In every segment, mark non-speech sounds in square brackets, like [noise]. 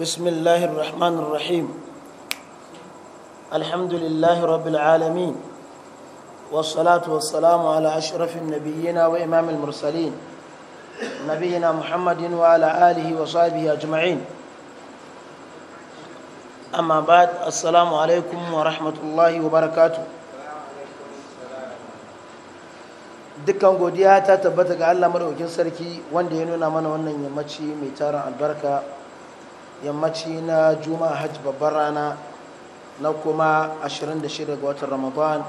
بسم الله الرحمن الرحيم الحمد لله رب العالمين والصلاة والسلام على أشرف النبيين وإمام المرسلين نبينا محمد وعلى آله وصحبه أجمعين أما بعد السلام عليكم ورحمة الله وبركاته dukkan godiya ta tabbata ga Allah madaukakin sarki wanda ya nuna mana wannan yammaci mai tarin albarka yammaci na juma'a hajji babbar rana na kuma 26 ga watan ramadan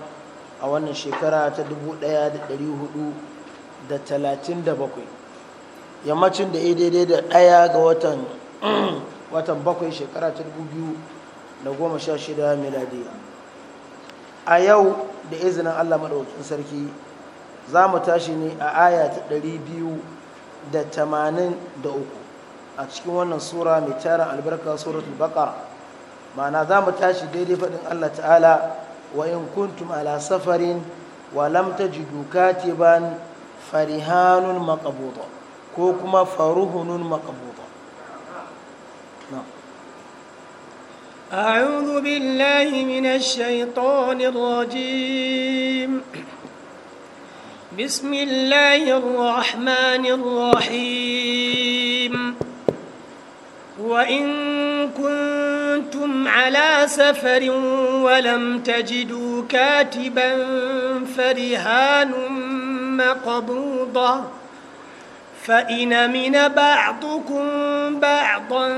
a wannan shekara ta 1437 yammacin da ya daidai da daya ga watan [clears throat] watan bakwai shekara ta 2016 miladiya a yau da izinin allah maɗaukin sarki za mu tashi ne a aya ta 283 a cikin wannan sura mai tara albarka suratul baqara ma'ana za mu tashi daidai faɗin Allah ta'ala wa in kuntum ala safarin wa lam tajidu katiban farihanun maqbuta ko kuma faruhunun maqbuta أعوذ بالله من الشيطان الرجيم بسم الله الرحمن الرحيم وإن كنتم على سفر ولم تجدوا كاتبا فرهان مقبوضة فإن من بعضكم بعضا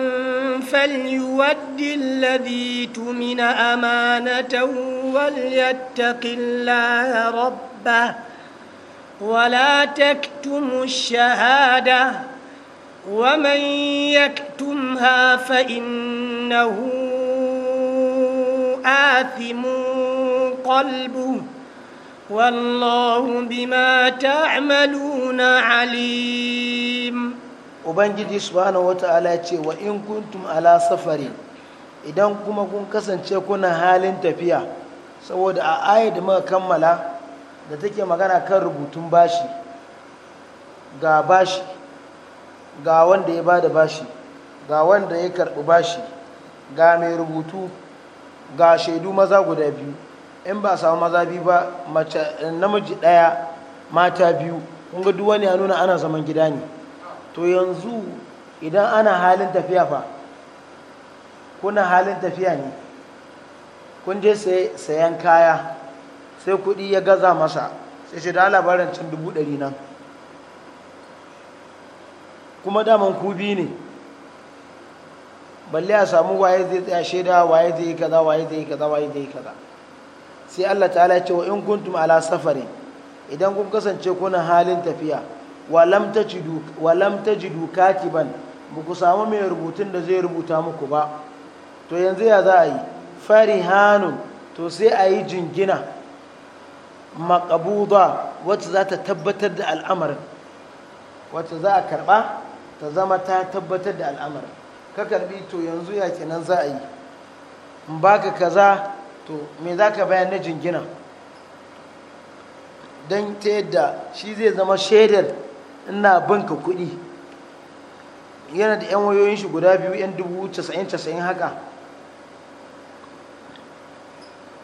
فليود الذي تمن أمانة وليتق الله ربه ولا تكتموا الشهادة ومن يكتم تركتمها فإنه آثم قلبه والله بما تعملون عليم ubangiji subhanahu wata'ala ya ce wa in kuntum ala safari idan kuma kun kasance kuna halin tafiya saboda a ayat da muka kammala da take magana kan rubutun bashi ga bashi ga wanda ya bada bashi ga wanda ya karɓi bashi ga mai rubutu ga shaidu maza guda biyu in ba samu maza biyu ba mace namiji ɗaya mata biyu kunga duk wani ya nuna ana zaman gida ne to yanzu idan ana halin tafiya fa kuna halin tafiya ne kun je sayan kaya sai kuɗi ya gaza masa sai shi da labarin cin dubu ɗari nan kuma daman ku biyu ne balle a samu waye zai tsaya shaida waye zai yi kaza waye zai yi kaza waye zai yi kaza sai Allah ta'ala ya ce wa in kuntum ala safari idan kun kasance kuna halin tafiya wa lam tajidu wa lam tajidu katiban ba ku samu mai rubutun da zai rubuta muku ba to yanzu ya za a yi farihanu to sai a yi jingina makabuda wacce za ta tabbatar da al'amarin wacce za a karba ta zama ta tabbatar da al'amarin ka karbi to yanzu ya kenan za a yi in ka kaza to me za ka bayan na jingina don ta yadda shi zai zama shaidar ina banka kuɗi yana da 'yan wayoyin shi guda biyu 'yan dubu casa'in casa'in haka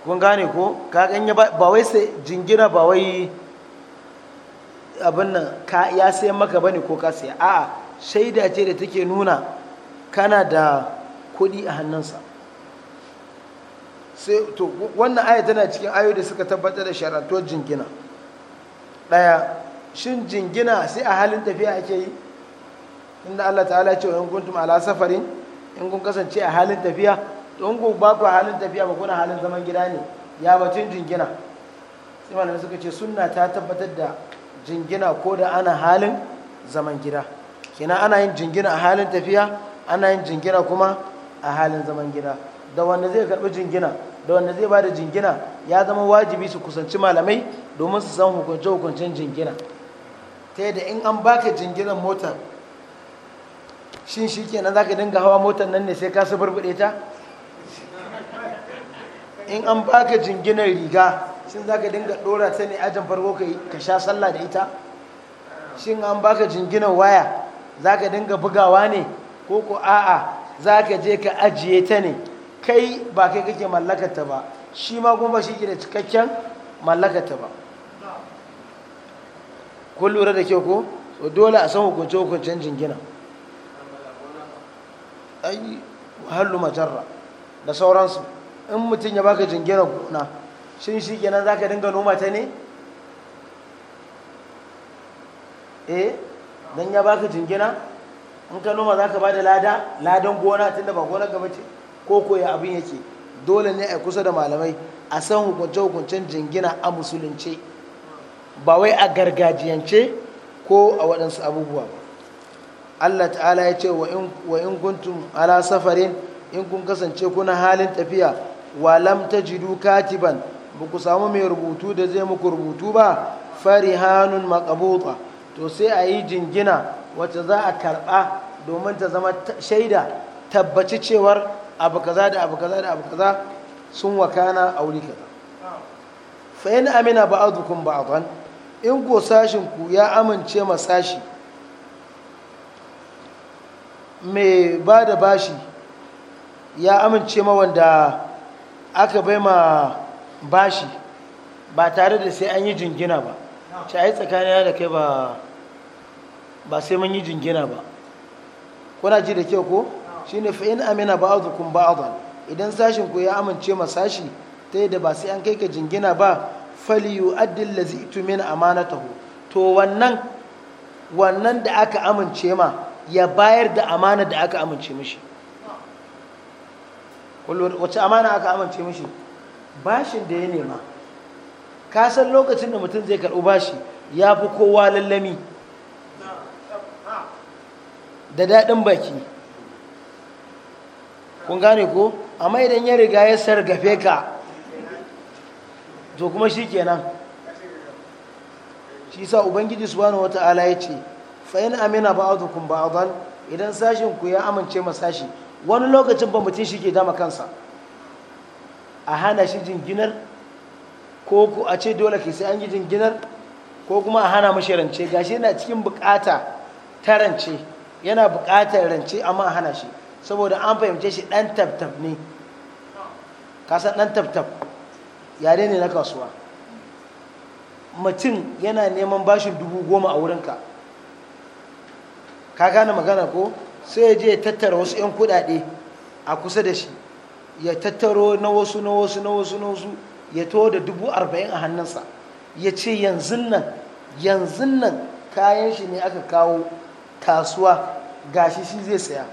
kun gane ko kakan ya ba wai sai jingina ba wai abin nan ya sayan maka bane ko ka saya a'a shaida ce da take nuna kana da kuɗi a hannunsa sai to wannan aya tana cikin ayo da suka tabbatar da sharantuwar jingina ɗaya shin jingina sai a halin tafiya ake yi inda Allah ta'ala ce in kuntum ala safarin in kun kasance a halin tafiya to in kun ba ku halin tafiya ba kuna halin zaman gida ne ya batun jingina sai malamai suka ce sunna ta tabbatar da jingina ko da ana halin zaman gida kina ana yin jingina a halin tafiya ana yin jingina kuma a halin zaman gida da wanda zai karɓi jingina da wanda zai bada jingina ya zama wajibi su kusanci malamai domin su san hukunce-hukuncen jingina ta yadda in an baka jinginan mota shin shi ke nan za ka dinga hawa motar nan ne sai ka suburbuɗe ta in an baka jinginan riga shin za ka dinga ɗora ta ne ajin farko ka sha sallah da ita shin an baka jinginan waya za ka dinga bugawa ne ko ko a'a za ka je ka ajiye ta ne kai ba kai kake mallakata ba shi ma kuma shi ke da cikakken mallakata ba kun lura da kyau ko dole a san hukunce hukuncen jingina ai hallu majarra da sauransu in mutum ya baka jingina gona shin shi kenan za ka dinga noma ta ne eh don ya baka jingina in ka noma za ka ba da lada ladan gona tun da ba gona gaba ce ko koya abin yake dole ne a kusa da malamai a san hukunce-hukuncen jingina a musulunce ba wai a gargajiyance ko a waɗansu abubuwa ba allah ta'ala ya ce wa in kuntum ala safarin in kun kasance kuna halin tafiya wa lam tajidu katiban ba ku samu mai rubutu da zai muku rubutu ba fari farihanun maqabuta to sai a yi jingina wacce za a karɓa domin ta zama shaida tabbaci cewar abu kaza da abu kaza da abu kaza sun wakana a wuri kaza fa in amina a kwan. in ko sashinku, ku ya amince ma sashi mai ba da bashi ya amince ma wanda aka bai ma bashi ba tare da sai an yi jingina ba ce yi tsakanin da kai ba sai mun yi jingina ba kuna ji da kyau ko shi ne fa’in amina ba ba ba'dan idan sashin ku ya amince ma sashi ta da ba sai an kai ka jingina ba fali yu'addi allazi amana taho to wannan da aka amince ma ya bayar da amana da aka amince mishi wacce amana aka amince mishi bashin da ya nema ka san lokacin da mutum zai karɓi bashi ya fi kowa lallami da daɗin baki kun gane ko amma idan ya riga ya sargafe ka to kuma shi kenan shi sa ubangiji wata wata'ala ya ce fa'in amina ba ba'adukum ba'adan idan sashen ku ya amince ma sashi wani lokacin ba mutum shi ke dama kansa a hana shi jinginar ko a ce dole ke sai an yi jinginar ko kuma a hana mashi rance gashi yana cikin bukata ta rance yana bukatar rance amma a hana shi saboda an fahimce shi dan tabtab ne kasan dan tabtab yare ne na kasuwa mutum yana neman bashin dubu goma a wurinka ka gane magana ko sai ya je ya tattara wasu 'yan kudade a kusa da shi ya tattaro na wasu na wasu na wasu ya to da dubu arba'in a hannunsa ya ce yanzu nan yanzu nan kayan shi ne aka kawo kasuwa ga shi zai saya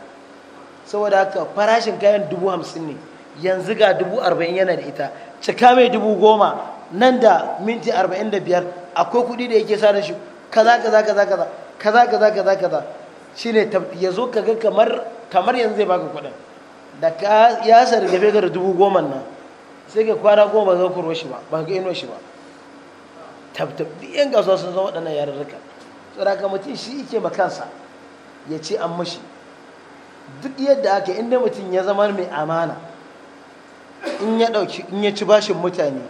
saboda haka farashin kayan dubu hamsin ne yanzu ga dubu arba'in yana da ita cika mai dubu goma nan da minti arba'in da biyar akwai kuɗi da yake sa da shi kaza kaza kaza kaza kaza kaza kaza kaza shi ne ya zo ka ga kamar yanzu zai baka kuɗin da ya sa da gafe ga dubu goma nan sai ke kwana goma ba ka kurwa shi ba ba ga ino shi ba tabtab duk yan kasuwa sun zama waɗannan yarurruka tsara mutum shi yake ma kansa ya ce an mashi duk yadda aka inda mutum ya zama mai amana in ya ɗauki in ya ci bashin mutane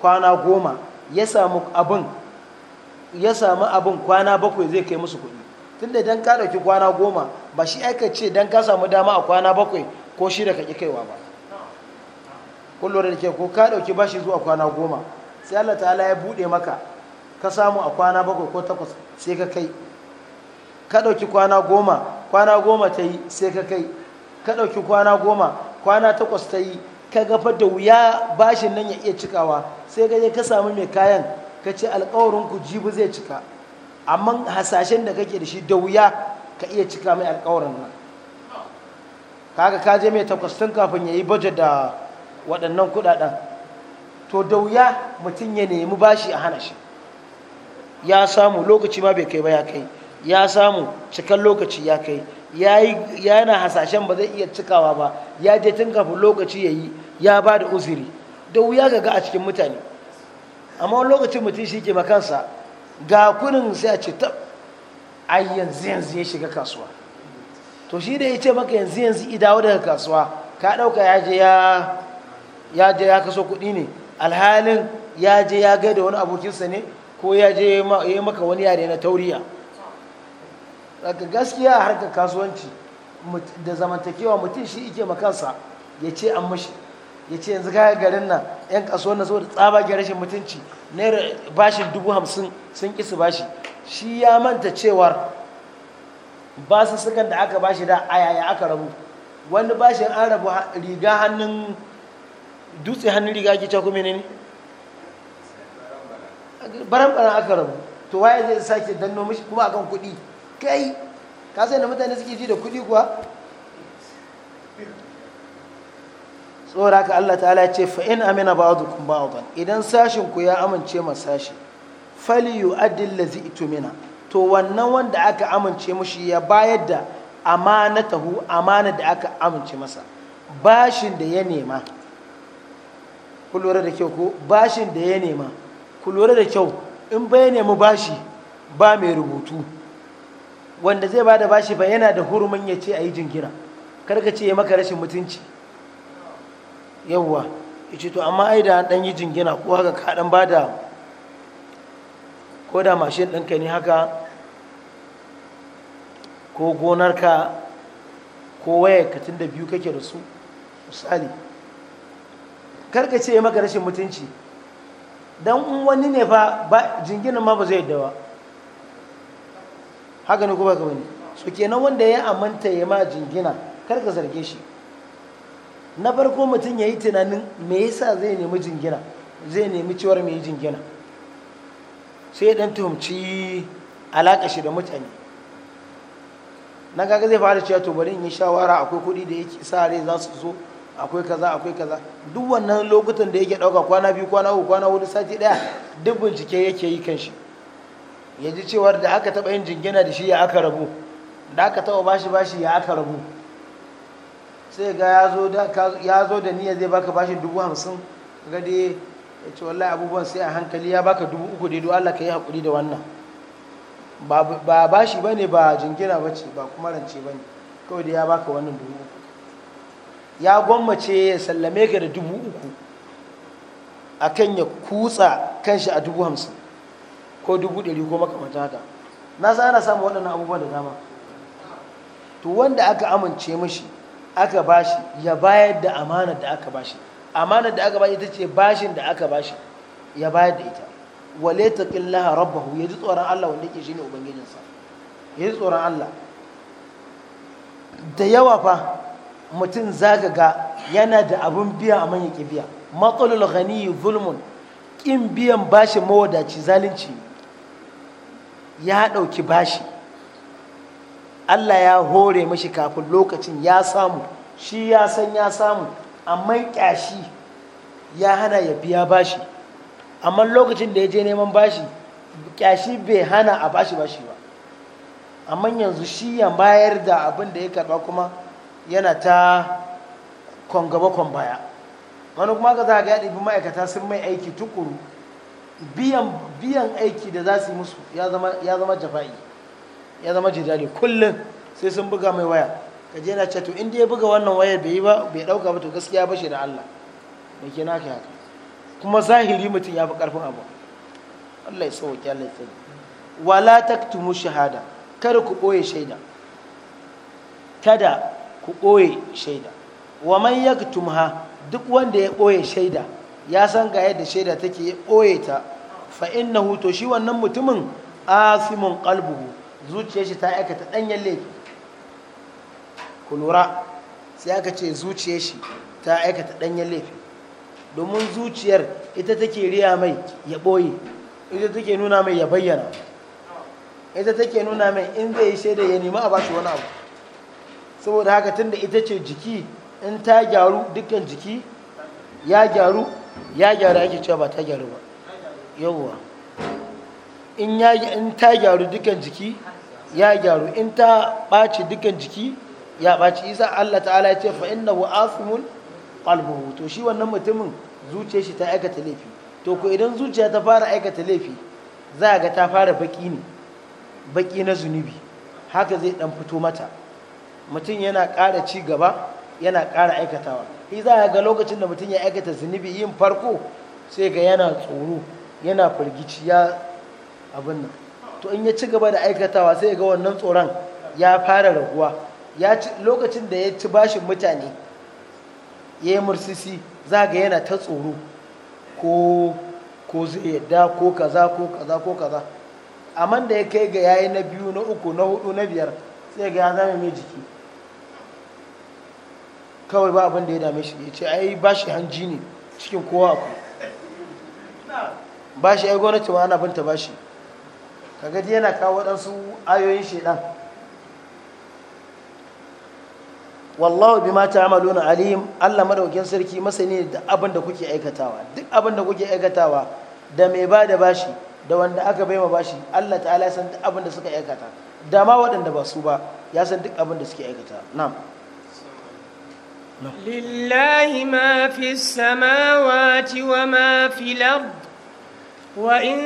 kwana goma ya samu abin ya samu abin kwana bakwai zai kai musu kuɗi tunda dan ka ɗauki kwana goma ba shi aika ce dan ka samu dama a kwana bakwai ko shida ka ƙi kaiwa ba kullum da ke ko ka ɗauki bashi zuwa kwana goma sai Allah ta'ala ya buɗe maka ka samu a kwana bakwai ko takwas sai ka kai ka ɗauki kwana goma kwana goma ta yi sai ka kai ka ɗauki kwana goma kwana takwas ta yi ka gafa da wuya bashin nan ya iya cikawa sai ka je ka samu mai kayan ka ce alkawarin ku jibi zai cika amma hasashen da kake da shi da wuya ka iya cika mai alkawarin nan kaga ka je mai takwas tun kafin ya yi baje da waɗannan kuɗaɗen to da wuya mutum ya nemi bashi a hana shi ya samu lokaci ma bai kai ba ya kai ya samu cikan lokaci ya kai ya yana hasashen ba zai iya cikawa ba ya je tun kafin lokaci ya yi ya ba da uziri da wuya ga a cikin mutane amma wani lokacin mutum shi ke makansa ga kunin sai a ce ta ai yanzu yanzu ya shiga kasuwa to shi da ya ce maka yanzu yanzu idawo daga kasuwa ka ɗauka ya je ya ya je ya kaso kuɗi ne alhalin ya je ya gaida wani abokinsa ne ko ya je ya yi maka wani yare na tauriya daga gaskiya a harkar kasuwanci da zamantakewa mutum shi ike makansa ya ce an mashi ya ce yanzu kaya garin nan yan kaso na tsaba ga rashin mutunci naira bashin dubu hamsin sun ƙi bashi shi ya manta cewar basu sukan da aka bashi da a aka rabu wani bashin an rabu riga hannun dutse hannun riga ake cewa kuma ne baran baran aka rabu to waye zai sake danno shi kuma akan kuɗi kai ka sai da mutane suke ji da kuɗi kuwa tsora ka Allah ta'ala ce fa in amina ba'dukum ba idan sashin ku ya amince ma sashi fali yu'addil ladzi mina to wannan wanda aka amince mushi ya bayar da amana tahu amana da aka amince masa bashin da ya nema ku lura da kyau ko bashin da ya nema ku lura da kyau in bai nemi bashi ba mai rubutu wanda zai ba da bashi ba yana da hurumin ya ce a yi kar karka ce ya maka rashin mutunci yawwa ce to amma ai da ɗan yi jingina ko haka ka dan bada ko da mashin ɗinka ne haka ko gonarka ko waya katin da biyu kake da su misali karka ce maka rashin mutunci don wani ne fa ba jinginin ma ba zai yadda haka ne kuma gaba ne su kenan wanda ya amanta ya ma jingina karka zarge shi na farko mutum ya yi tunanin me yasa zai nemi jingina zai nemi ciwar mai jingina sai dan tuhumci alakashi da mutane na gaga zai fara cewa to bari in yi shawara akwai kuɗi da yake sa rai za su zo akwai kaza akwai kaza duk wannan lokutan da yake dauka kwana biyu kwana uku kwana hudu sati daya duk bincike yake yi kan shi ya ji cewar da aka taba yin jingina da shi ya aka rabu da aka taba bashi bashi ya aka rabu sai ga ya zo da niyya zai baka bashi dubu hamsin ga dai ya ce wallahi abubuwan sai a hankali ya baka dubu uku dai Allah ka yi haƙuri da wannan ba bashi ba ne ba jingina ba ce ba kuma rance ba ne kawai da ya baka wannan dubu uku ya gwammace ya sallame ka da dubu uku a kan ya kutsa kanshi a dubu hamsin ko dubu ɗari ko makamata haka na san ana samun waɗannan abubuwan da dama to wanda aka amince mashi aka bashi ya bayar da amanar da aka bashi amanar da aka bashi ita ce bashin da aka bashi ya bayar da ita wale ta ƙillaha rabbahu ya ji tsoron allah wanda ke shi ne ubangijinsa ya ji tsoron allah da yawa fa mutum zagaga yana da abin biya a manya ki biya matsalul yi zulmun kin biyan bashi mawadaci zalunci ya ɗauki bashi Allah ya hore mashi kafin lokacin ya samu shi ya san ya samu amma ƙyashi ya hana ya biya bashi amma lokacin da ya je neman bashi ƙyashi bai hana a bashi bashi ba amma yanzu shi ya bayar da abin da ya karɓa kuma yana ta kwangaba kwan baya wani kuma ka za ga ya ma'aikata sun mai aiki tukuru biyan aiki da za su yi musu ya zama jafa'i ya zama jidali kullum sai sun buga mai waya ka je na ce to inda ya buga wannan waya bai yi ba bai ɗauka ba to gaskiya ba shi da Allah mai ke naka haka kuma zahiri mutum ya fi ƙarfin abu Allah ya sauke Allah ya tsare wala taktumu shahada kada ku ɓoye shaida kada ku ɓoye shaida wa man tumha duk wanda ya ɓoye shaida ya san ga yadda shaida take ya ɓoye ta fa innahu hutu shi wannan mutumin asimun kalbuhu. zuciya shi ta aikata ɗanyen laifi ku lura sai aka ce zuciya shi ta aikata ɗanyen laifi domin zuciyar ita take riya mai ya ɓoye ita take nuna mai ya bayyana ita take nuna mai in zai yi shaida ya nemi a bashi wani abu saboda haka tun da ita ce jiki in ta gyaru dukkan jiki ya gyaru ya gyaru ake cewa ba ta gyaru ba yawwa in ta gyaru dukkan jiki ya gyaru in ta ɓaci dukkan jiki ya ɓaci isa Allah ta'ala ya ce fa wa asimun qalbuhu to shi wannan mutumin zuciya shi ta aikata laifi to ko idan zuciya ta fara aikata laifi za a ga ta fara baƙi ne baƙi na zunubi haka zai ɗan fito mata mutum yana ƙara ci gaba yana ƙara aikatawa shi za a ga lokacin da mutum ya aikata zunubi yin farko sai ga yana tsoro yana firgici ya abin nan to in ya ci gaba da aikatawa sai ga wannan tsoron ya fara raguwa lokacin da ya ci bashin mutane ya yi mursisi za ga yana ta tsoro ko zai yadda ko kaza ko kaza ko kaza amma da ya kai ga yayi na biyu na uku na hudu na biyar sai ga ya zama mai jiki kawai ba abin da ya dame shi ya ce ai ba shi hanji ne cikin kowa ku ba shi ai gwamnati ba ana binta ba shi kaga yana kawo waɗansu ayoyin shaidan wallahu bima ta'maluna alim Allah madaukakin sarki masani da abin da kuke aikatawa duk abin da kuke aikatawa da mai ba da bashi da wanda aka bai ma bashi Allah ta'ala ya san duk abin da suka aikata da ma waɗanda ba su ba ya san duk abin da suke aikata na'am نعم. لله ما في السماوات وما في الأرض وإن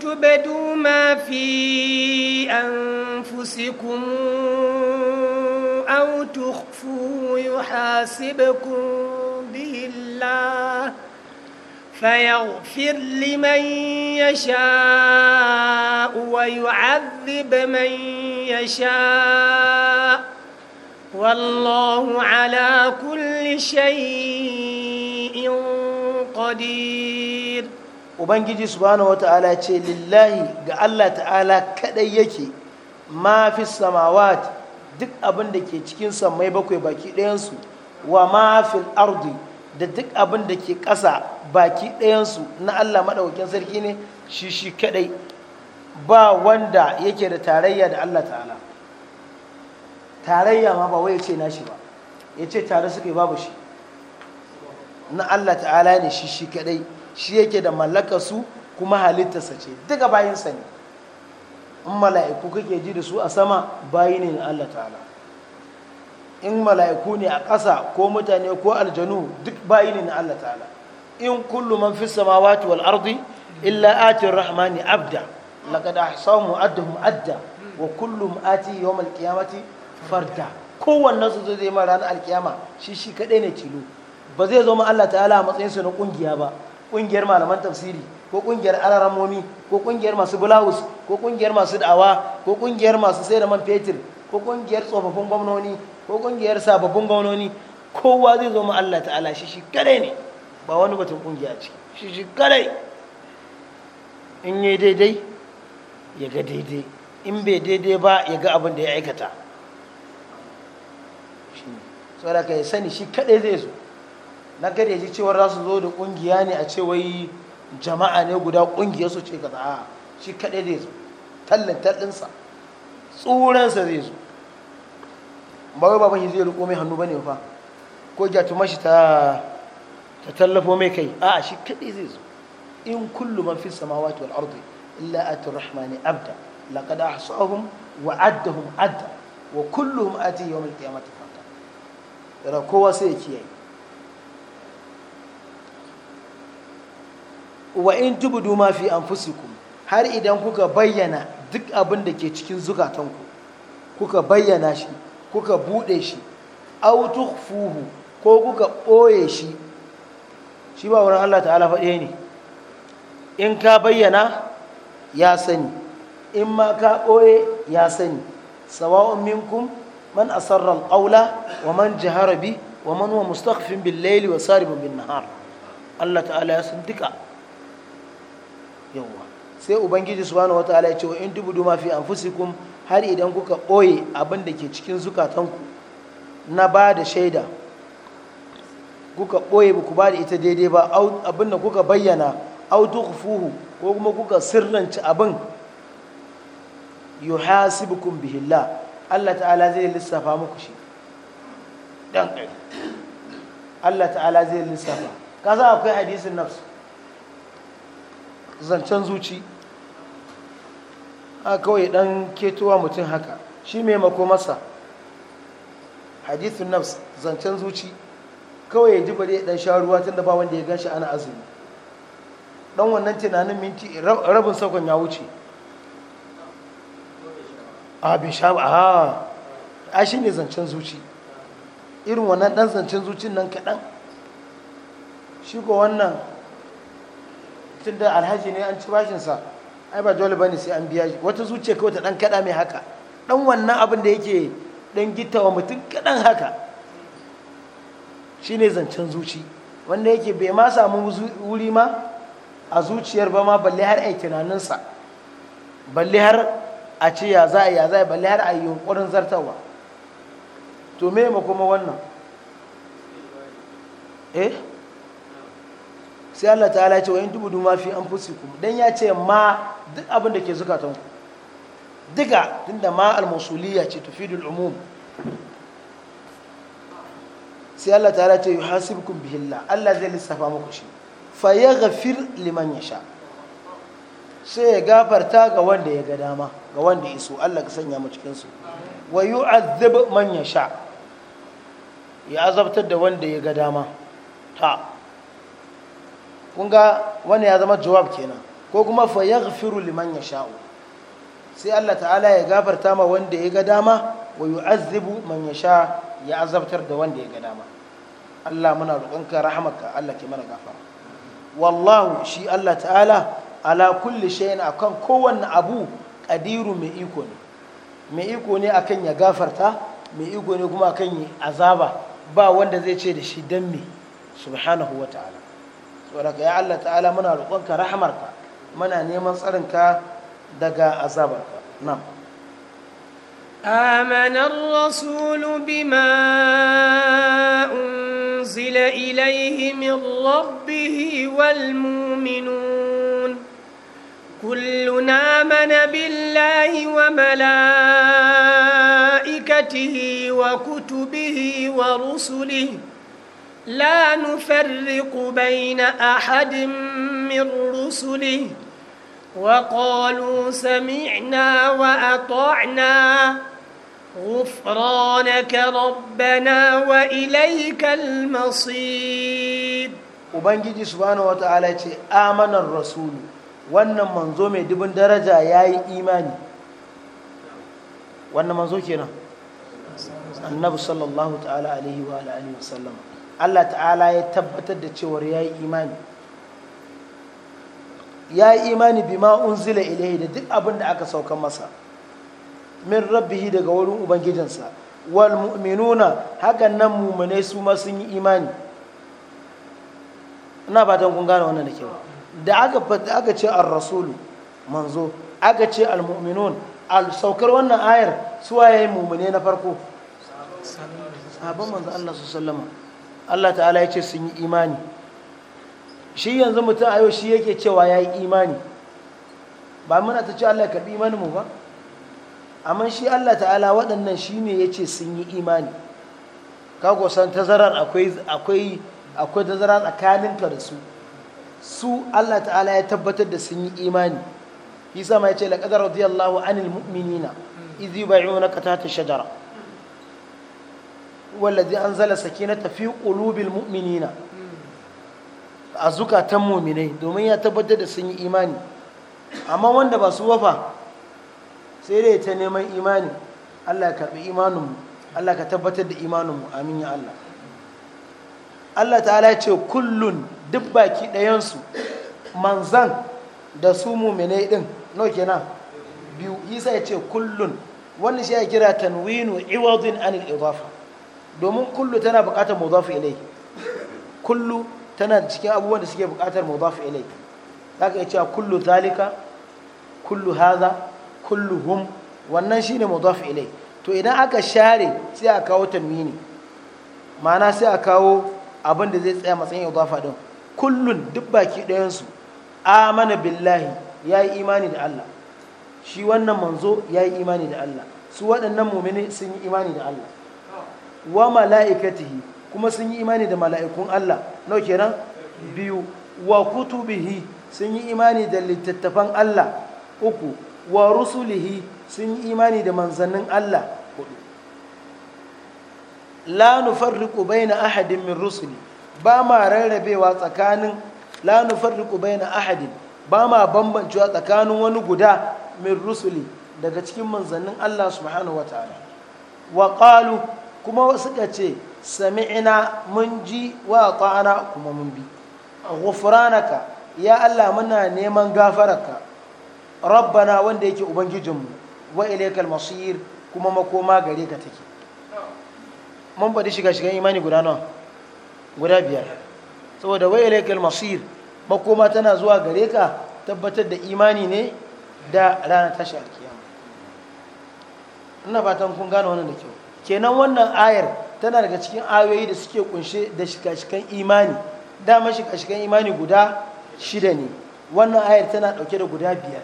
تبدوا ما في أنفسكم أو تخفوا يحاسبكم به الله فيغفر لمن يشاء ويعذب من يشاء والله على كل شيء قدير ubangiji subhanahu wata'ala ce lillahi ga Allah ta'ala kadai yake mafi samawat duk abin da ke cikin samai bakwai baki ɗayansu wa ma fil ardi da duk abin da ke ƙasa baki ɗayansu na Allah maɗaukakin sarki ne shi shi kadai ba wanda yake da tarayya da Allah ta'ala tarayya ma ba wai ce nashi ba ya ce tare suke babu shi na Allah ta'ala ne shi shi kadai shi yake da mallaka su kuma halittarsa ce duka bayansa ne in mala'iku kake ji da su a sama bayi ne na Allah ta'ala in mala'iku ne a ƙasa ko mutane ko aljanu duk bayi ne na Allah ta'ala in kullu man fis samawati wal ardi illa atir rahmani abda laqad ahsahum adhum adda wa kullum ati yawm al qiyamati farda kowanne su zai ma ranar alkiyama shi shi kaɗai ne tilo ba zai zo ma Allah ta'ala ala matsayin su na ƙungiya ba ƙungiyar malaman tafsiri ko ƙungiyar alaramomi ko ƙungiyar masu bulawus ko ƙungiyar masu da'awa ko ƙungiyar masu sai da man fetur ko ƙungiyar tsofaffin gwamnoni ko ƙungiyar sababbin gwamnoni kowa zai zo ma Allah ta'ala shi shi kaɗai ne ba wani batun ƙungiya ce shi shi kaɗai in yi daidai ya ga daidai in bai daidai ba ya ga abin da ya aikata saboda ka ya sani shi kadai zai zo na kada ya ji cewar za su zo da ƙungiya ne a ce wai jama'a ne guda kungiya su ce kaza a shi kadai zai zo tallin tallinsa tsuransa zai zo ba wai baban shi zai riko mai hannu ba bane fa ko jatuma shi ta tallafo mai kai a shi kadai zai zo in kullu man fi samawati wal ardi illa atur rahmani abda laqad ahsahum wa addahum adda wa kulluhum ati yawm al qiyamati yana kowa sai ya kiyaye wa in tubudu ma fi anfusikum har idan kuka bayyana duk abin da ke cikin zukatanku kuka bayyana shi kuka bude shi aw tukhfuhu ko kuka boye shi shi ba wurin Allah ta'ala faɗe ne in ka bayyana ya sani in ma ka boye ya sani sawa'un minkum man asarra alqawla wa man jahara bi wa man huwa mustakhfin bil wa saribun bin nahar Allah ta'ala ya sai ubangiji subhanahu wataala ya ce wa in tubudu ma fi anfusikum har idan kuka ɓoye abin da ke cikin zukatanku na ba da shaida kuka ɓoye ba ku ba da ita daidai ba abin da kuka bayyana Autu tukhfuhu ko kuma kuka sirranci abin yuhasibukum bihillah Allah ta'ala zai lissafa muku shi dan Allah ta'ala zai lissafa ka za akwai hadisin nafsu zancen zuci a kawai dan ketowa mutum haka shi mai masa hadithun nafs zancen zuci kawai ya ji bari ya dan sharuwa tun da ba wanda ya gan shi ana azumi Ɗan wannan tunanin minti rabin sakon ya wuce a bai sha ba a a shi ne zancen zuci irin wannan dan zancen zuci nan kaɗan shi ko wannan tun da alhaji ne an ci bashinsa ai ba dole ba ne sai an biya shi wata zuciya kawai ta dan kaɗa mai haka Dan wannan abin da yake dan gittawa mutum kaɗan haka shi ne zancen zuci wanda yake bai ma samu wuri ma a zuciyar ba ma balle har ai tunaninsa balle har a ce ya za a ya za a balle har a yi yunkurin zartarwa to me ma kuma wannan eh sai Allah ta'ala ce wa in tubudu ma fi kuma dan ya ce ma duk abin da ke ku duka tunda ma al musuliyya ce tufidul umum sai Allah ta ta'ala ce yuhasibukum bihilla Allah zai lissafa muku shi fa gafir liman ya sha. sai ya gafarta ga wanda ya ga dama ga wanda iso Allah ka sanya mu cikin su wa yu'adhib man yasha ya azabtar da wanda ya ga dama ta kun ga wani ya zama jawab kenan ko kuma fa yaghfiru liman yasha sai Allah ta'ala ya gafarta ma wanda ya ga dama wa yu'adhibu man yasha ya azabtar da wanda ya ga dama Allah muna roƙonka rahmaka Allah ke mana gafara wallahu shi Allah ta'ala ala kulli shay'in akan kowanne abu ƙadiru mai iko ne mai iko ne akan ya gafarta mai iko ne kuma akan yi azaba ba wanda zai ce da shi dan me subhanahu wa ta'ala saboda ya Allah ta'ala muna roƙonka rahamarka muna neman tsarinka daga azabarka nan آمن الرسول بما أنزل إليه من ربه والمؤمنون كلنا آمن بالله وملائكته وكتبه ورسله لا نفرق بين أحد من رسله وقالوا سمعنا وأطعنا غفرانك ربنا وإليك المصير وبنجي سبحانه وتعالى آمن الرسول wannan manzo mai dubin daraja ya yi imani wannan manzo kenan Annabu sallallahu ta'ala alaihi wa alihi wa Allah ta'ala ya tabbatar da cewar ya yi imani ya yi imani bi ma'un unzila ilaihi da duk abin da aka sauka masa min rabbihi daga wurin ubangijinsa wal mu'minuna hakan nan mummune su ma sun yi imani ina fatan kun gane wannan da kyau da aka aka ce ar-rasulu manzo aka ce al-mu'minun al saukar wannan ayar yi mu'mine na farko sahabban manzo Allah sallallahu alaihi Allah ta'ala ya ce sun yi imani shi yanzu mutum a yau shi yake cewa ya yi imani ba muna ta ce Allah karbi imanin mu ba amma shi Allah ta'ala waɗannan shi ne ya ce sun yi imani kago san tazarar akwai akwai akwai tazara tsakaninka da su su Allah ta'ala ya tabbatar da sun yi imani isa ma ya ce laqad radiyallahu anil mu'minina idh yubay'unaka tahta shajara wallazi anzala na fi qulubil mu'minina a zukatan mu'minai domin ya tabbatar da sun yi imani amma wanda ba su wafa sai dai ta neman imani Allah ya karbi imaninmu Allah ka tabbatar da imaninmu amin ya Allah Allah ta'ala ya ce kullun duk baki ɗayansu manzan da su muminai ɗin no kenan biyu isa ya ce kullun Wani shi ya kira tanwinu iwadun anil idafa domin kullu tana buƙatar mudaf ilai kullu tana cikin abubuwan da suke buƙatar mudaf ilai ka iya cewa kullu zalika kullu haza kullu hum wannan shine mudaf ilai to idan aka share sai a kawo tanwini ma'ana sai a kawo abin da zai tsaya matsayin idafa din kullun duk baki ɗayansu amana billahi ya yi imani da Allah shi wannan manzo ya yi imani da Allah su waɗannan mumini sun yi imani da Allah wa mala'ikatihi kuma sun yi imani da mala'ikun Allah nau kenan biyu wa kutubihi sun yi imani da littattafan Allah uku wa rusulihi sun yi imani da manzannin Allah la bai na ahadin min rusuli ba ma rarrabewa tsakanin la bai na ahadin ba ma bambancewa tsakanin wani guda min rusuli daga cikin manzannin Allah subhanahu wataala wa ƙalu kuma suka ce sami'ina mun ji wa ƙana kuma mun bi ghufranaka ya Allah muna neman gafararka rabbana wanda yake ubangijinmu wa ilaikal masir kuma makoma gare ka take mun faɗi shiga shigan imani guda nawa guda biyar saboda wai ilaikal masir makoma tana zuwa gare ka tabbatar da imani ne da ranar tashi alkiyama ina fatan kun gane wannan da kyau kenan wannan ayar tana daga cikin ayoyi da suke kunshe da shiga shigan imani dama shiga shigan imani guda shida ne wannan ayar tana dauke da guda biyar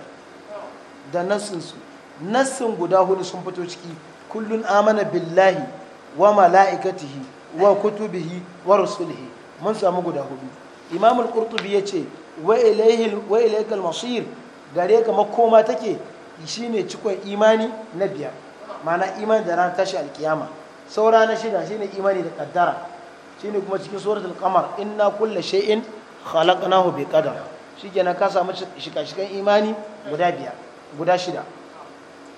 da nassinsu nassin guda hudu sun fito ciki kullun amana billahi wa mala'ikatihi wa kutubihi wa rusulihi mun samu guda hudu imamul ƙurtubi ya yace wa ilayhi wa ilaykal masir gare ka makoma take shine cikon imani na biyar mana imani da ran tashi alkiyama saura na shida shine imani da kaddara shine kuma cikin suratul kamar inna kulla shay'in khalaqnahu bi qadar shikenan ka samu shika-shikan imani guda biyar guda shida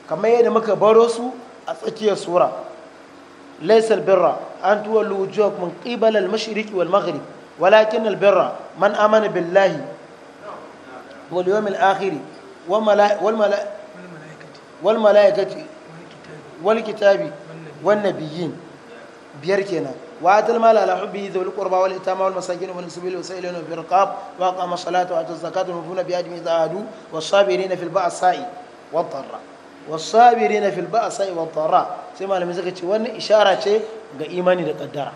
kamar yadda muka baro su a tsakiyar sura ليس البر أن تولوا وجوهكم من قبل المشرق والمغرب ولكن البر من آمن بالله واليوم الآخر والملائكة والملائكة والملائكة والكتاب والنبيين بيركنا وآتى المال على حبه ذوي القربى واليتامى والمساكين وابن السبيل وسائل وفي الرقاب وأقام الصلاة وآتى الزكاة والمفون بأجمع إذا والصابرين في البأساء والضراء wasabirina fil ba'sa wa dharra sai malami suka ce wannan ishara ce ga imani da kaddara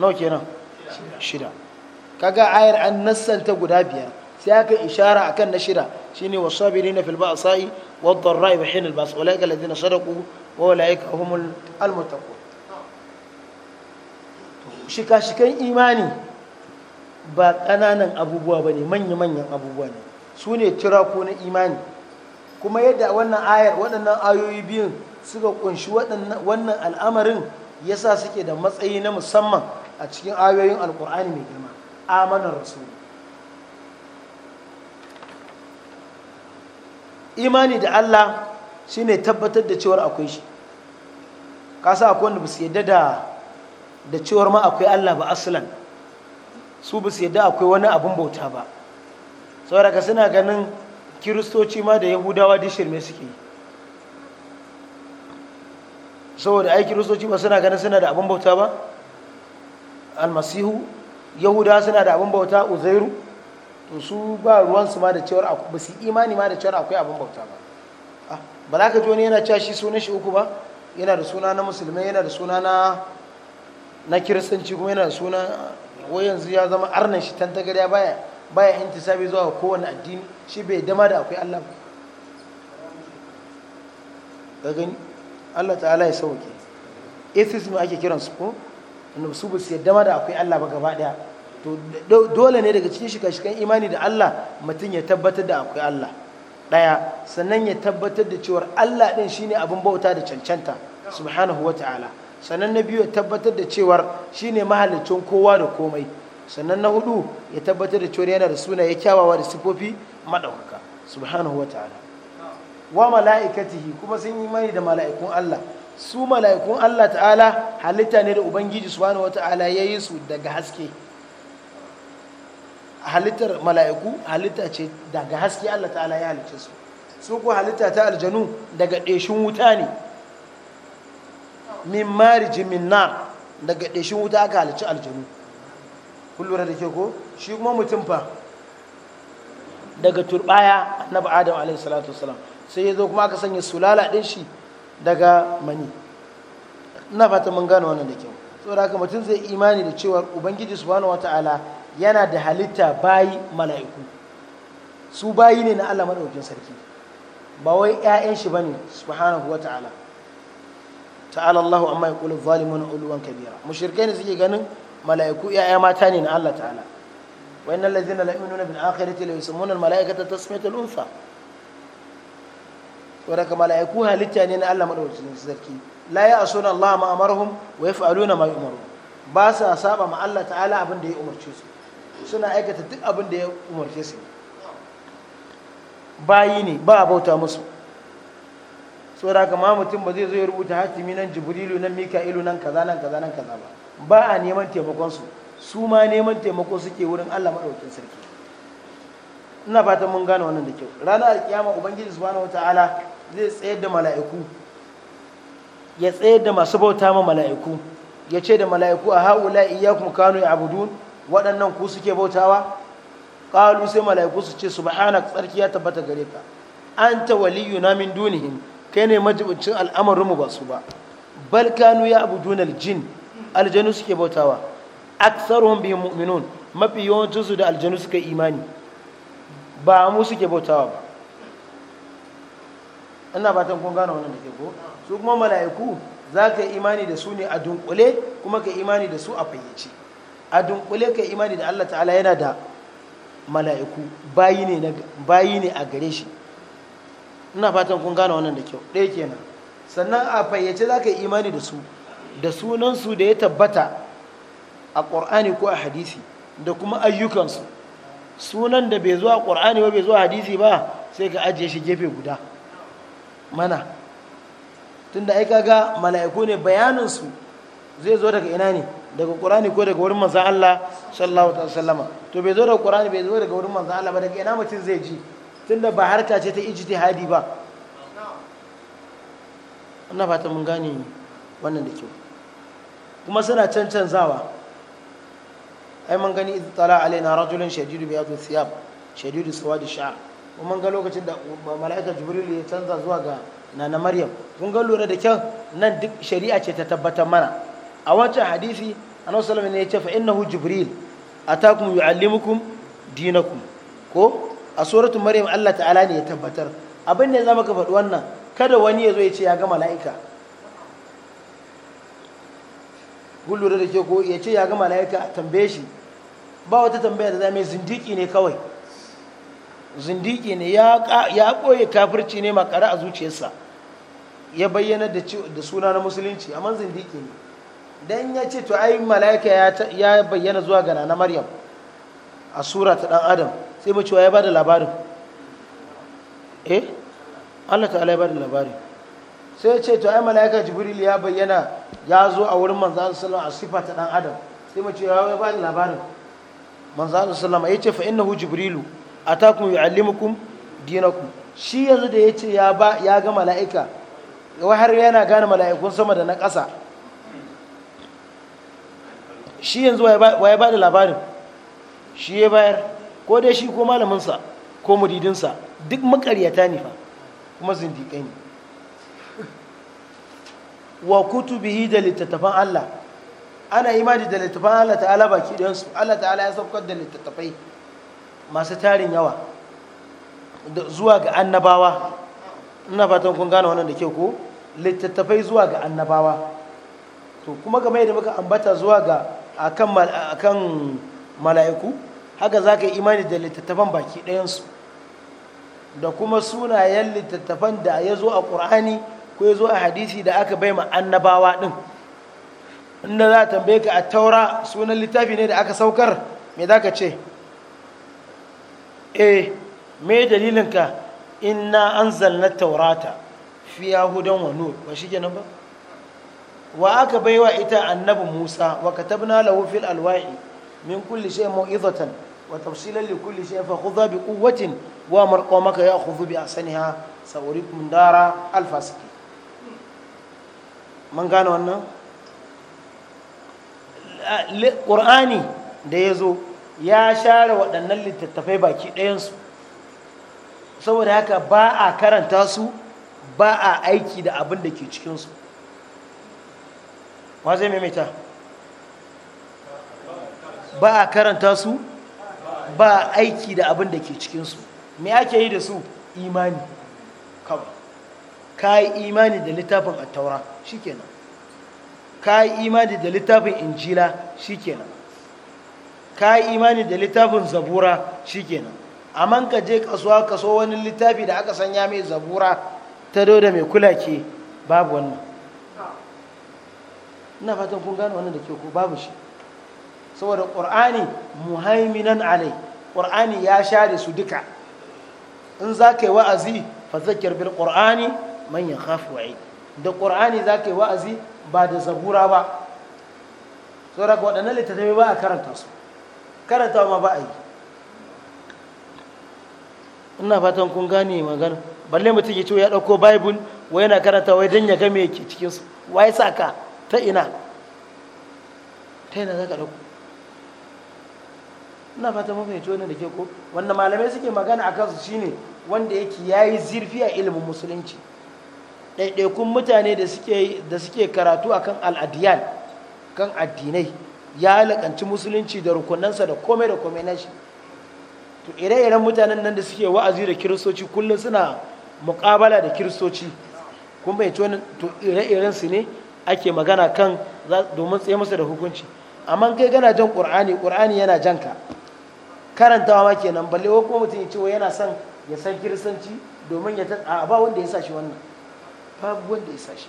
nawa kenan shida kaga ayar an nassanta guda biyar sai aka ishara akan na shida shine wasabirina fil ba'sa wa dharra wa hin al ba's ulaika alladhina sadaqu wa ulaika humul al shika shikan imani ba ƙananan abubuwa ba ne manya manyan abubuwa ne su ne tirako na imani kuma yadda wannan ayar waɗannan ayoyi biyun suka kunshi wannan al'amarin ya sa suke da matsayi na musamman a cikin ayoyin alkur'ani mai girma amanar rasu imani da Allah shine tabbatar da cewar akwai shi kasa akwai wanda ba su yadda da cewar ma akwai Allah ba asulan su ba su yadda akwai wani abin bauta ba saboda ka suna ganin kiristoci ma da yahudawa duk shirme suke yi saboda ai kiristoci ba suna ganin suna da abin bauta ba almasihu yahudawa suna da abin bauta uzairu to su ba ruwansu ma da cewar ba su imani ma da cewar akwai abin bauta ba ah, ba za ka ji wani yana cewa shi sunan shi uku ba yana da suna na musulmai yana da suna na na kiristanci kuma yana da suna wai yanzu ya zama arnan shi tantagariya baya baya sabi zuwa kowane addini shi bai dama da akwai Allah ba ga gani Allah ta'ala ya sauke atheism ake kiransu ko annabi su su yadda da akwai Allah ba gaba daya to dole ne daga cikin shika-shikan imani da Allah mutum ya tabbatar da akwai Allah daya sannan ya tabbatar da cewar Allah din shine abin bauta da cancanta subhanahu ta'ala sannan na biyu ya tabbatar da cewar shine mahallicin kowa da komai sannan na hudu ya tabbatar da cewa yana da suna ya kyawawa da sifofi madaukaka subhanahu wa ta'ala wa mala'ikatihi kuma sun yi mani da mala'ikun Allah su mala'ikun Allah ta'ala halitta ne da ubangiji subhanahu wa ta'ala ya yi su daga haske halittar mala'iku halitta ce daga haske Allah ta'ala ya halicce su su ko halitta ta aljanu daga ɗeshin wuta ne min marijin min na daga ɗeshin wuta aka halicci aljanu kullura da ke ko shi kuma mutum fa daga turbaya annabi adam alayhi salatu wasalam sai ya zo kuma aka sanya sulala din shi daga mani ina fata mun gano wannan da kyau saboda haka mutum zai imani da cewa ubangiji subhanahu wataala yana da halitta bayi mala'iku su bayi ne na Allah madaukakin sarki ba wai 'ya'yan shi bane subhanahu wataala ta'ala Allahu amma yaqulu zalimuna uluwan kabira mushrikai ne suke ganin mala'iku ya'ya mata ne na Allah ta'ala wa innal ladzina la yu'minuna bil akhirati la yusammuna al mala'ikata tasmiyata al unsa wadaka mala'iku halitta ne na Allah madaukakin sarki la ya'suna Allah ma amarhum wa yaf'aluna ma yu'maru ba sa saba ma Allah ta'ala abin da ya umarce su suna aikata duk abin da ya umarce su bayi ne ba a bauta musu saboda haka ma mutum ba zai zo ya rubuta hatimi nan jibrilu nan mika'ilu nan kaza nan kaza nan kaza ba ba a neman taimakonsu su ma neman taimako suke wurin Allah maɗaukin sarki ina fatan mun gane wannan da kyau ranar alkiyama ubangiji subhanahu wataala zai tsayar da mala'iku ya tsayar da masu bauta ma mala'iku ya ce da mala'iku a haula ya kanu ya'budun waɗannan ku suke bautawa Ƙalu sai mala'iku su ce su subhanak tsarki ya tabbata gare ka anta waliyuna min dunihim kai ne majibincin al'amarin mu ba su ba bal kanu ya'budun jin. aljanu suke bautawa aktsaruhum bihim mu'minun mafi yawancin su da aljanu suke imani ba mu suke bautawa ba ina fatan kun gane wannan da ke ko su kuma mala'iku za ka yi imani da su ne a dunkule kuma ka imani da su a fayyace a dunkule ka imani da Allah ta'ala yana da mala'iku bayi ne a gare shi ina fatan kun gane wannan da kyau ɗaya kenan sannan a fayyace za ka yi imani da su da sunansu da ya tabbata a ƙur'ani ko a hadisi da kuma ayyukansu sunan da bai zuwa ƙur'ani ba bai zuwa hadisi ba sai ka ajiye shi gefe guda mana tunda ai ga mala'iku ne bayaninsu zai zo daga ina ne daga ƙur'ani ko daga wurin manzan Allah sallallahu alaihi wasallama to bai zo daga ƙur'ani bai zo daga wurin manzan Allah ba daga ina mutum zai ji tunda ba harka ce ta ijtihadi ba ina fata mun gane wannan da kyau kuma suna cancanzawa ai man gani idh tala na rajulun shadidu biyadu siyab shadidu da sha kuma ga lokacin da mala'ika jibril ya canza zuwa ga nana maryam kun ga lura da kyau nan duk shari'a ce ta tabbatar mana a wancan hadisi annabi sallallahu alaihi wasallam ne ya ce fa innahu jibril atakum yu'allimukum dinakum ko a suratu maryam Allah ta'ala ne ya tabbatar abin ne zama ka faɗi wannan kada wani ya zo ya ce ya ga mala'ika kun lura da ke ko ya ce ya ga malayaka tambaye shi ba wata tambaya da zama zindiki ne kawai zindiki ne ya koye kafirci ne makara a zuciyarsa ya bayyana da suna na musulunci amma zindiki ne don ya ce to ai malaika ya bayyana zuwa ga na maryam a sura ta dan adam sai mu wa ya bada labarin eh Allah ta'ala ya bada labarin sai ce to ai mala'ika jibril ya bayyana ya zo a wurin manzo sallallahu a sifa ta dan adam sai mace ya ba ni labarin manzo sallallahu ya ce fa innahu jibrilu atakum yu'allimukum dinakum shi yanzu da ya ce ya ba ya ga mala'ika wai har yana gane mala'ikun sama da na ƙasa shi yanzu waye ba da labarin shi ya bayar ko dai shi ko malaminsa ko muridinsa duk makaryata ne fa kuma zindiƙai ne wa kutubihi da littattafan Allah ana imani da littattafan Allah ta'ala baki ɗayan su Allah ta'ala ya saukar da littattafai masu tarin yawa zuwa ga annabawa ina fatan kun gane wannan da ke ko littattafai zuwa ga annabawa to kuma game da muka ambata zuwa ga akan mala'iku haka za ka yi imani da littattafan baki ɗayansu da kuma sunayen littattafan da ya zo a ƙur'ani ko ya zo a hadisi da aka bai ma annabawa ɗin inda za a tambaye ka a taura sunan littafi ne da aka saukar me za ka ce e me dalilinka inna an zalna taurata fi yahudan wa nur ba shi ba wa aka baiwa ita annabi musa wa katabna lahu fil alwa'i min kulli shay'in mau'izatan wa tafsilan li kulli shay'in fa khudha bi quwwatin wa marqamaka ya'khudhu bi ahsaniha sawrikum dara al man gane wannan ƙur'ani da ya zo ya share waɗannan littattafai baki ɗayansu saboda haka ba a karanta su ba a aiki da abin da ke cikinsu wa zai maimaita ba a karanta su ba a aiki da abin da ke cikinsu me ake yi da su imani kawai ka yi imani da littafin a attaura shikenan ka yi imani da littafin injila shikenan ka yi imani da littafin zabura shikenan amma ka je kasuwa kaso wani littafi da aka sanya mai zabura ta doda mai kula ke babu wannan ina fatan kun gano wannan da ke ku babu shi saboda ƙur'ani muhaiminan alai ƙur'ani ya share su duka in za ka yi wa'azi fa zakir bil ƙur'ani manyan hafi wa'id da ƙur'ani za ka yi wa'azi ba da zabura ba saboda ka waɗannan littattafai ba a karanta su karanta ma ba a yi ina fatan kun gane magana balle mutum ya ce ya ɗauko baibul wai yana karanta wai don ya game me ke cikin su wai saka ta ina ta ina za ka ɗauko ina fatan mafi fahimci wani da ke ko wanda malamai suke magana a kansu shine wanda yake ya yi zirfi a ilimin musulunci ɗaiɗaikun mutane da suke karatu akan al'adiyan kan addinai ya halakanci musulunci da rukunansa da komai da komai na shi to ire-iren mutanen nan da suke wa'azi da kiristoci kullum suna muƙabala da kiristoci kun bai to ire-iren su ne ake magana kan domin tsaye masa da hukunci amma kai gana jan ƙur'ani ƙur'ani yana janka karantawa ma kenan balle ko mutum ya ce wa yana son ya san kiristanci domin ya ta ba wanda ya sa shi wannan babu wanda ya sashi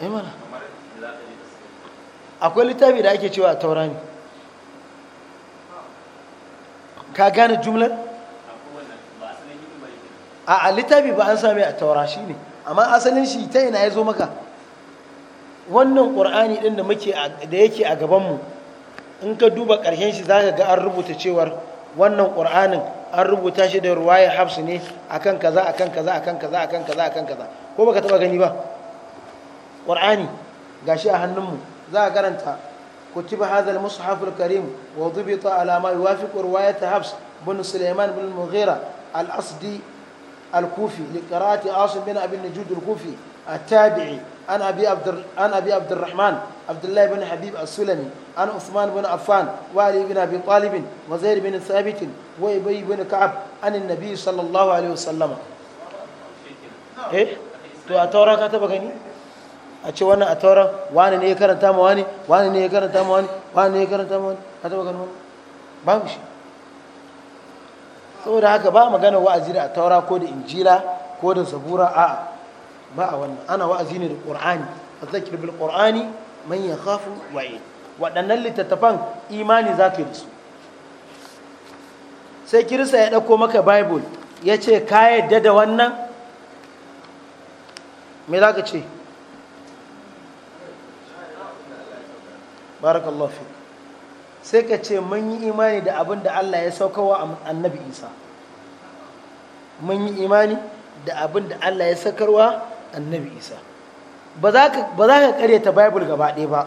eh, akwai littafi da ake cewa a taurani ka gane jumlar? a littafi ba an sami a taura shi ne amma asalin shi ta ina ya zo maka wannan ƙur'ani ɗin da yake a gabanmu in ka duba ƙarshen shi za ka ga an rubuta cewar wannan ƙur'anin an rubuta shi da ruwaya hafsu ne a kaza a kaza a kaza ko ba ka taɓa gani ba ƙur'ani ga shi a hannunmu za a karanta ku ci ba hazal musu hafil karim wa zubita alama yi wafi ƙurwaya ta hafs bin suleiman bin mughira al'asdi al-kufi li karati asu bin abin nijudul kufi a tabi'i an abdurrahman abdullahi bin habib al-sulami an usman bin affan wa ali bin abi talib wa zayd bin thabit wa ibay bin ka'ab an sallallahu alaihi wasallam eh to a tawra ka taba gani a ce wannan a tawra wani ne ya karanta ma wani wani ne ya karanta ma wani wani ne ya karanta ma wani ka taba gani wannan babu shi saboda haka ba magana wa'azi da a tawra ko da injila ko da zabura a'a ba a wannan ana wa'azi ne da qur'ani azzakir bil qur'ani man yakhafu wa'id waɗannan littattafan imani za ka yi su sai kirista ya ɗauko maka bible ya ce ka yadda da wannan me za ka ce barakallofi sai ka ce mun yi imani da abin da allah ya saukawa annabi isa mun yi imani da abin da allah ya saukarwa annabi isa ba za ka karyata bible gaba ɗaya ba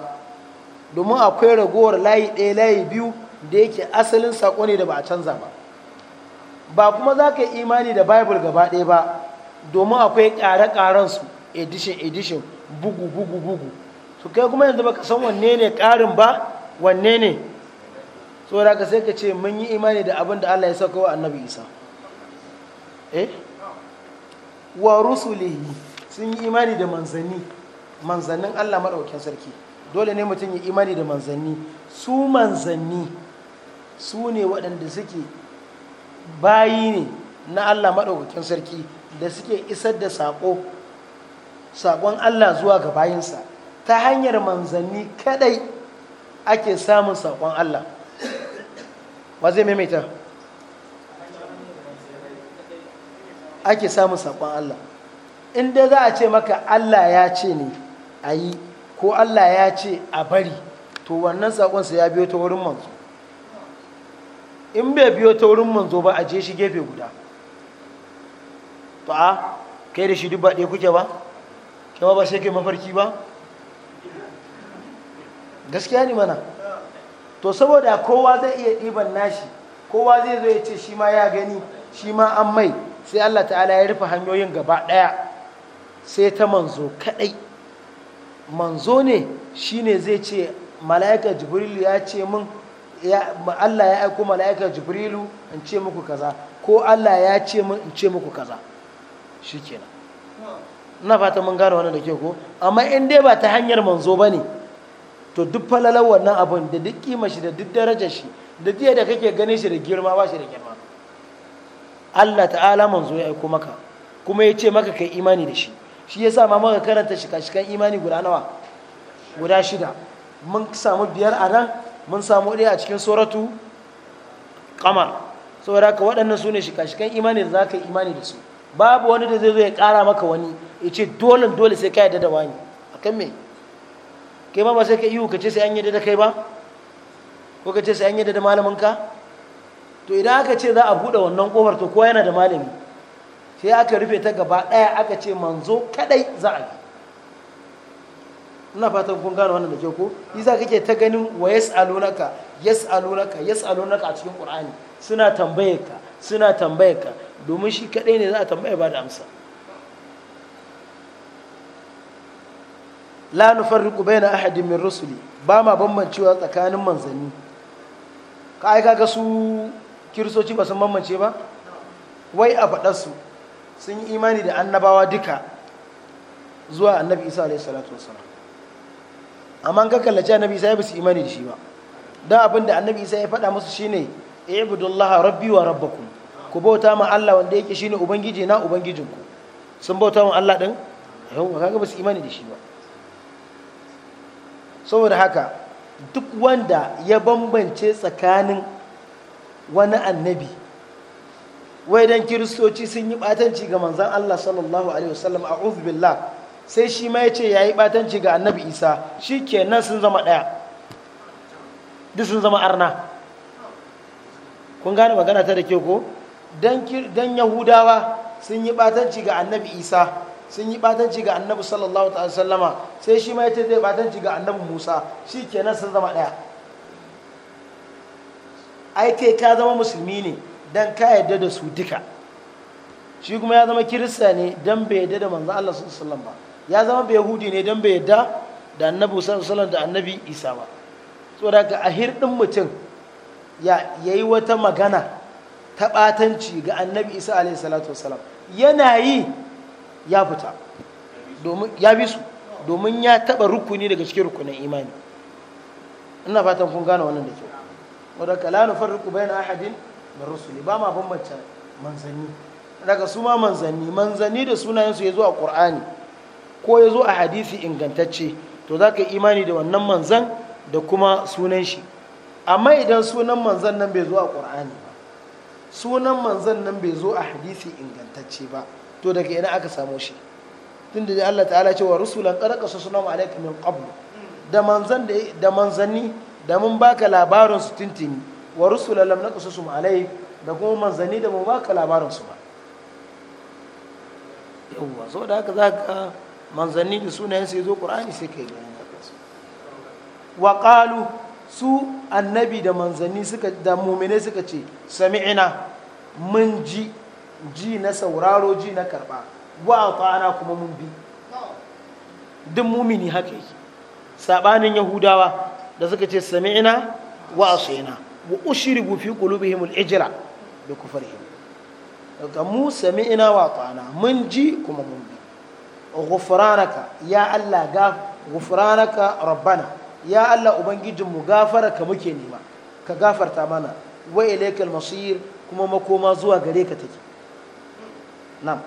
domin akwai ragowar layi ɗaya layi biyu da yake asalin saƙo ne da ba a canza ba ba kuma za ka yi imani da bible gaba ɗaya ba domin akwai ƙare-ƙaren su edition edition bugu bugu bugu su kai kuma yanzu baka san wanne ne ƙarin ba wanne ne da ka sai ka ce mun yi imani da abin da Allah ya sauka wa annabi isa eh wa rusulihi sun yi imani da manzanni manzannin Allah maɗaukin sarki dole ne mutum ya imani da manzanni su manzanni su ne waɗanda suke bayi ne na Allah maɗaukin sarki da suke isar da saƙo saƙon Allah zuwa ga bayinsa ta hanyar manzanni kaɗai ake samun saƙon Allah ba zai maimaita ake samun saƙon Allah inda za a ce maka Allah ya ce ne a yi ko Allah ya ce a bari to wannan sakonsa ya biyo ta wurin manzo in bai biyo ta wurin manzo ba a je shi gefe guda to a kai da shi dubba ɗaya kuke ba kuma ba sai ke mafarki ba gaskiya ne mana to saboda kowa zai iya ɗiban nashi kowa zai zo ya ce shi ma ya gani shi ma an mai sai Allah ta'ala ya rufe hanyoyin gaba ɗaya sai ta manzo kaɗai manzo ne shine zai ce mala'ika jibrilu ya ce min Allah ya aiko mala'ika jibrilu in ce muku kaza ko Allah ya ce min in ce muku kaza shikenan na fata mun gane wannan da ke ko amma in dai ba ta hanyar manzo ba ne to duk falalar wannan abin da duk kima shi da duk darajar shi da jiya da kake gane shi da girma ba shi da girma Allah ta'ala manzo ya aiko maka kuma ya ce maka kai imani da shi shi sa ma muka karanta shika-shikan imani guda nawa guda shida mun samu biyar a nan mun samu ɗaya a cikin tsoratu kamar saboda ka waɗannan su ne shika-shikan imani da za ka yi imani da su babu wani da zai zo ya ƙara maka wani ya ce dole dole sai ka yadda da wani a kan me kai ma ba sai ka ihu ka ce sai an yadda da kai ba ko ka ce sai an yadda da malaminka to idan aka ce za a buɗe wannan ƙofar to kowa yana da malami sai aka rufe ta gaba ɗaya aka ce manzo kadai za a yi ina fatan kun gano wannan da ke ko isa kake ta ganin wa alunaka yas'alunaka alunaka a cikin qur'ani suna tambayarka ka suna tambayarka domin shi kadai ne za a tambaya ba da amsa la nufarriqu baina ahadin min rusuli ba ma bambancewa tsakanin manzanni ka ai kaga su kirisoci ba sun bambance ba wai a faɗar su sun yi imani da annabawa duka zuwa annabi isa alaihi salatu wasalam amma ka kallaci annabi isa ya bi su imani da shi ba don abin da annabi isa ya faɗa musu shine ibudullah rabbi wa rabbakum ku bauta ma Allah wanda yake shine ubangiji na ubangijinku sun bauta ma Allah din yawa kaga ba su imani da shi ba saboda haka duk wanda ya bambance tsakanin wani annabi wai dan kiristoci sun yi batanci ga manzan Allah sallallahu alaihi wasallam a'udhu billah sai shi ma ya ce ya yi batanci ga annabi Isa shi ke nan sun zama ɗaya? duk sun zama arna kun gane magana ta da ke ko dan yahudawa sun yi batanci ga annabi isa sun yi batanci ga annabi sallallahu ta'ala sallama sai shi ma ya ce zai batanci ga annabi musa shi ke nan sun zama ɗaya ai kai ka zama musulmi ne dan ka yadda da su duka shi kuma ya zama kirista ne dan bai yadda da manzan Allah sallallahu alaihi ba ya zama bai yahudi ne dan bai yadda da annabi sun sallan da annabi Isa ba saboda ka a hirɗin mutum ya yi wata magana ta ɓatanci ga annabi Isa alaihi salatu wasalam yana yi ya fita domin ya bi su domin ya taɓa rukuni daga cikin rukunin imani ina fatan kun gane wannan da kyau wadda kala nufar ruku na ahadin na rusuli ba ma bambance manzanni daga su ma manzanni manzanni da sunayensu ya zo a ƙur'ani ko ya zo a hadisi ingantacce to za ka imani da wannan manzan da kuma sunan shi amma idan sunan manzan nan bai zo a ƙur'ani ba sunan manzan nan bai zo a hadisi ingantacce ba to daga ina aka samu shi tun da Allah ta'ala cewa rusulan qaraka su suna alaikum min da da manzanni da mun baka labarin su tintini wa rusula lam naqsusum alai da kuma manzanni da mu baka labarin su ba yawwa so da haka zaka manzanni da sunayen sai zo qur'ani sai kai gani akan su wa qalu su annabi da manzanni suka da mu'mine suka ce sami'ina mun ji ji na sauraro ji na karba wa ata'ana kuma mun bi duk mumini haka yake sabanin yahudawa da suka ce sami'ina wa asina wa ushribu fi qulubihim al-ijla bi kufrihim daga mu sami'na wa ta'ana mun ji kuma mun bi ghufranaka ya Allah ga ghufranaka rabbana ya Allah ubangijin mu gafaraka muke nema ka gafarta mana wa ilaykal masir kuma makoma zuwa gare ka take na'am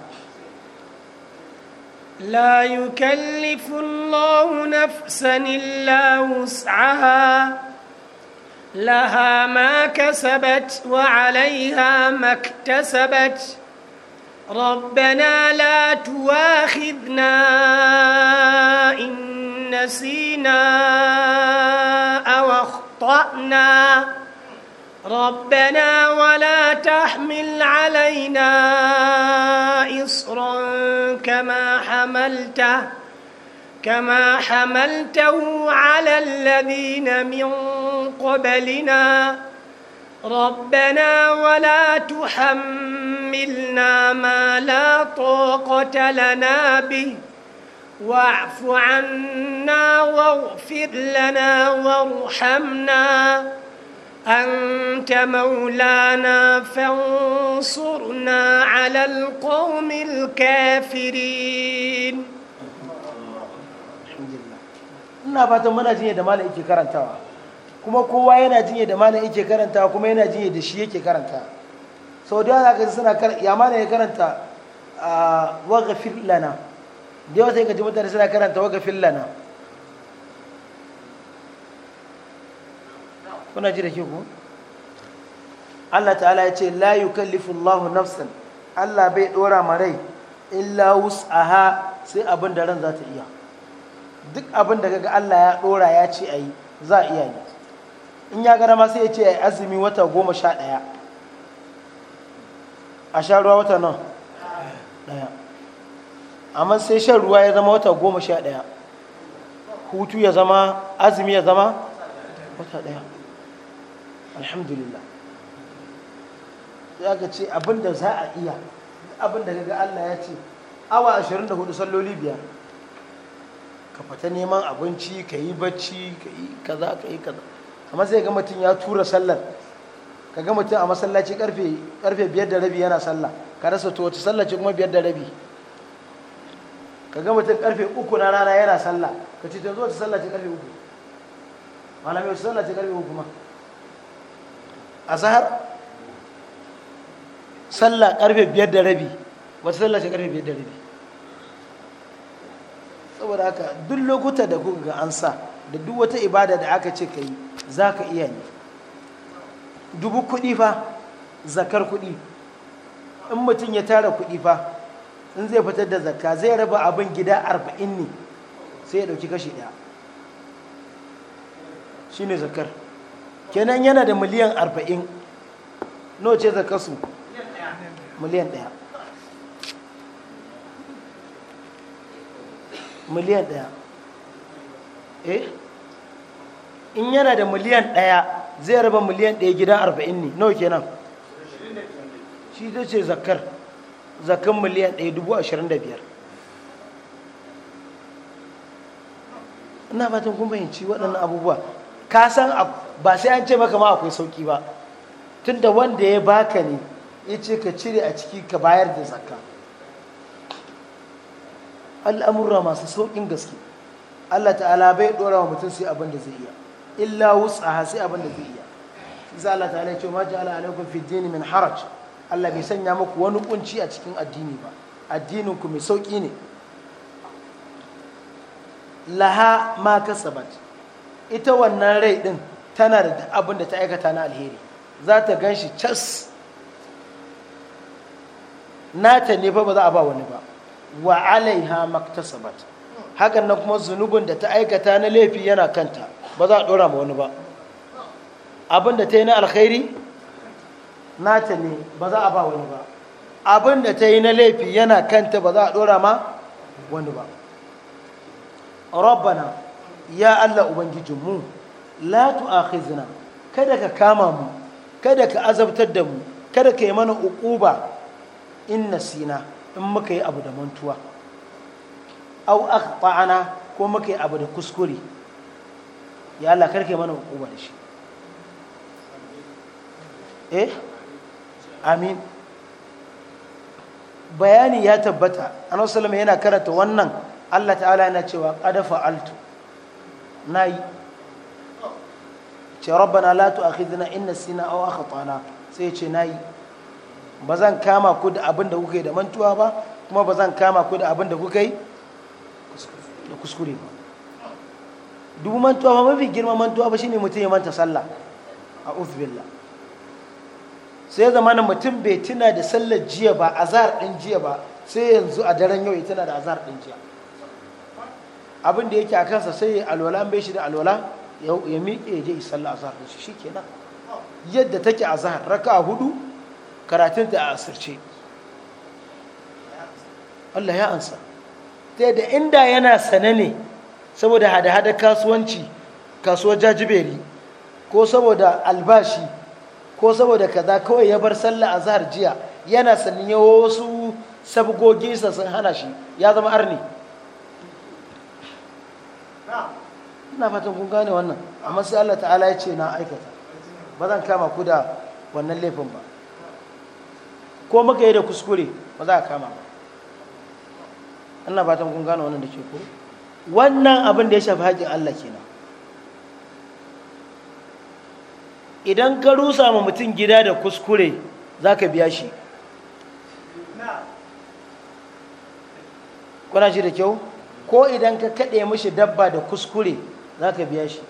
لا يكلف الله نفسا إلا وسعها لها ما كسبت وعليها ما اكتسبت ربنا لا تواخذنا إن نسينا أو أخطأنا ربنا ولا تحمل علينا إصرا كما حملته كما حملته على الذين من قبلنا ربنا ولا تحملنا ما لا طاقة لنا به واعف عنا واغفر لنا وارحمنا أنت مولانا فانصرنا على القوم الكافرين ina fatan muna jin yadda malam yake karantawa kuma kowa yana jin yadda malam yake karantawa kuma yana jin yadda shi yake karanta sau da yawa ka suna ya malam ya karanta wagafin lana da yawa sai ka ji mutane suna karanta wagafin lana kuna ji da ke ku Allah ta'ala ya ce la yukallifu Allah nafsan Allah bai dora ma rai illa wus'aha sai abin da ran za ta iya duk abin da gaga Allah ya ɗora ya ce yi za a iya yi in ya gara masu ya ce yi azumi wata goma sha ɗaya a sha ruwa wata nan ɗaya amma sai shan ruwa ya zama wata goma sha ɗaya hutu ya zama azumi ya zama wata ɗaya alhamdulillah ya ga ce abin da za a iya abin da gaga Allah ya ce awa 24 salloli biyar ka fita neman abinci ka yi bacci ka yi kaza ka yi kaza amma sai ga mutum ya tura sallar ka ga mutum a masallaci karfe karfe biyar da rabi yana sallah ka rasa to wata sallaci kuma biyar da rabi ka ga mutum karfe uku na rana yana sallah ka ce ta zo wace karfe uku malamai wace sallah sallaci karfe uku ma a zahar sallah karfe biyar da rabi wace sallah karfe biyar da rabi saboda haka duk lokuta da kuka ga an sa da duk wata ibada da aka ce ka yi za ka iya yi dubu kudi fa zakar kudi in mutum ya tara kudi fa in zai fitar da zakka zai raba abin gida arba'in ne sai ya dauki kashi ɗaya shi ne zakar kenan yana da miliyan arba'in nawa ce su miliyan ɗaya miliyan ɗaya eh in yana da miliyan ɗaya zai raba miliyan ɗaya gidan arba'in ne nawa kenan shi ta ce zakar zakan miliyan ɗaya dubu ashirin da biyar ina fatan kun fahimci waɗannan abubuwa ka san ba sai an ce maka ma akwai sauƙi ba tunda wanda ya baka ne ya ce ka cire a ciki ka bayar da zakka al'amurra masu saukin gaske Allah ta'ala bai ɗora wa mutum sai abin da zai iya illa wutsaha sai abin da zai iya za Allah ta'ala ya ce ma ja'ala alaikun fi dini min haraj Allah bai sanya maku wani kunci a cikin addini ba addinin ku mai sauƙi ne laha ma kasabat ita wannan rai din tana da abin da ta aikata na alheri za ta gan shi cas nata ne fa ba za a ba wani ba wa alaiha maktasabat hakan nan kuma zunubin da ta aikata na laifi yana kanta ba za a dora ma wani ba abin da ta yi na alkhairi nata ne ba za a ba wani ba abin da ta yi na laifi yana kanta ba za a dora ma wani ba rabbana ya allah ubangijinmu la tu'akhizna kada ka kama mu kada ka azabtar da mu kada ka yi mana uquba in nasina in muka yi abu da mantuwa au akhtana ko muka yi abu da kuskure ya Allah karke mana hukuma da shi eh amin bayani ya tabbata annabi sallallahu yana karanta wannan Allah ta'ala yana cewa qad fa'altu nayi ce rabbana la tu'akhidhna in nasina aw akhtana sai ce nayi ba zan kama ku da abin da kuka yi da mantuwa ba kuma ba zan kama ku da abin da kuka yi da kuskure ba dubu mantuwa ba mafi girma mantuwa ba shine mutum ya manta sallah a uzbillah sai zamanin mutum bai tuna da sallar jiya ba azar din jiya ba sai yanzu a daren yau ya tuna da azar din jiya abin da yake a kansa sai ya alwala bai shi da alwala ya miƙe ya je sallah zahar din shi nan. yadda take zahar raka hudu karatun ta a asirce Allah ya ansa ta yadda inda yana sane ne saboda hada-hada kasuwanci kasuwar jajiberi ko saboda albashi ko saboda kaza kawai ya bar sallah a zahar jiya yana sanin yawo wasu sabgoginsa sun hana shi ya zama arni ina fatan kun gane wannan amma sai Allah ta'ala ya ce na aikata ba zan kama ku da wannan laifin ba ko muka yi da kuskure ba za a kama ba ina fatan kun gano wannan da ke ku wannan abin da ya shafi haƙƙin Allah kenan idan ka rusa ma mutum gida da kuskure za ka biya shi kuna shi da kyau ko idan ka kaɗe mashi dabba da kuskure za ka biya shi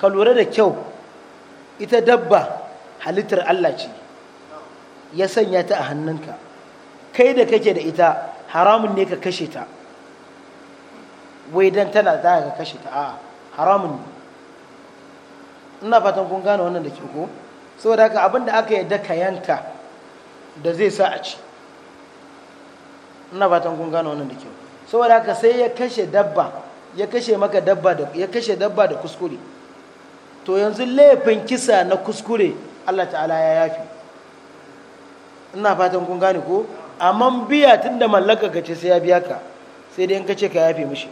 ka lura da kyau ita dabba halittar Allah ce ya sanya ta a hannunka kai da kake da ita haramun ne ka kashe ta wai dan tana za ka kashe ta a'a haramun ne ina fatan kun gane wannan da ke ko saboda haka abin da aka yadda ka yanka da zai sa a ci ina fatan kun gane wannan da ke saboda haka sai ya kashe dabba ya kashe maka dabba da ya kashe dabba da kuskure to yanzu laifin kisa na kuskure Allah ta'ala ya yafi ina fatan kun gane ko amma biya tun da mallaka ka ce sai ya biya ka sai dai in ka ce ka yafe mishi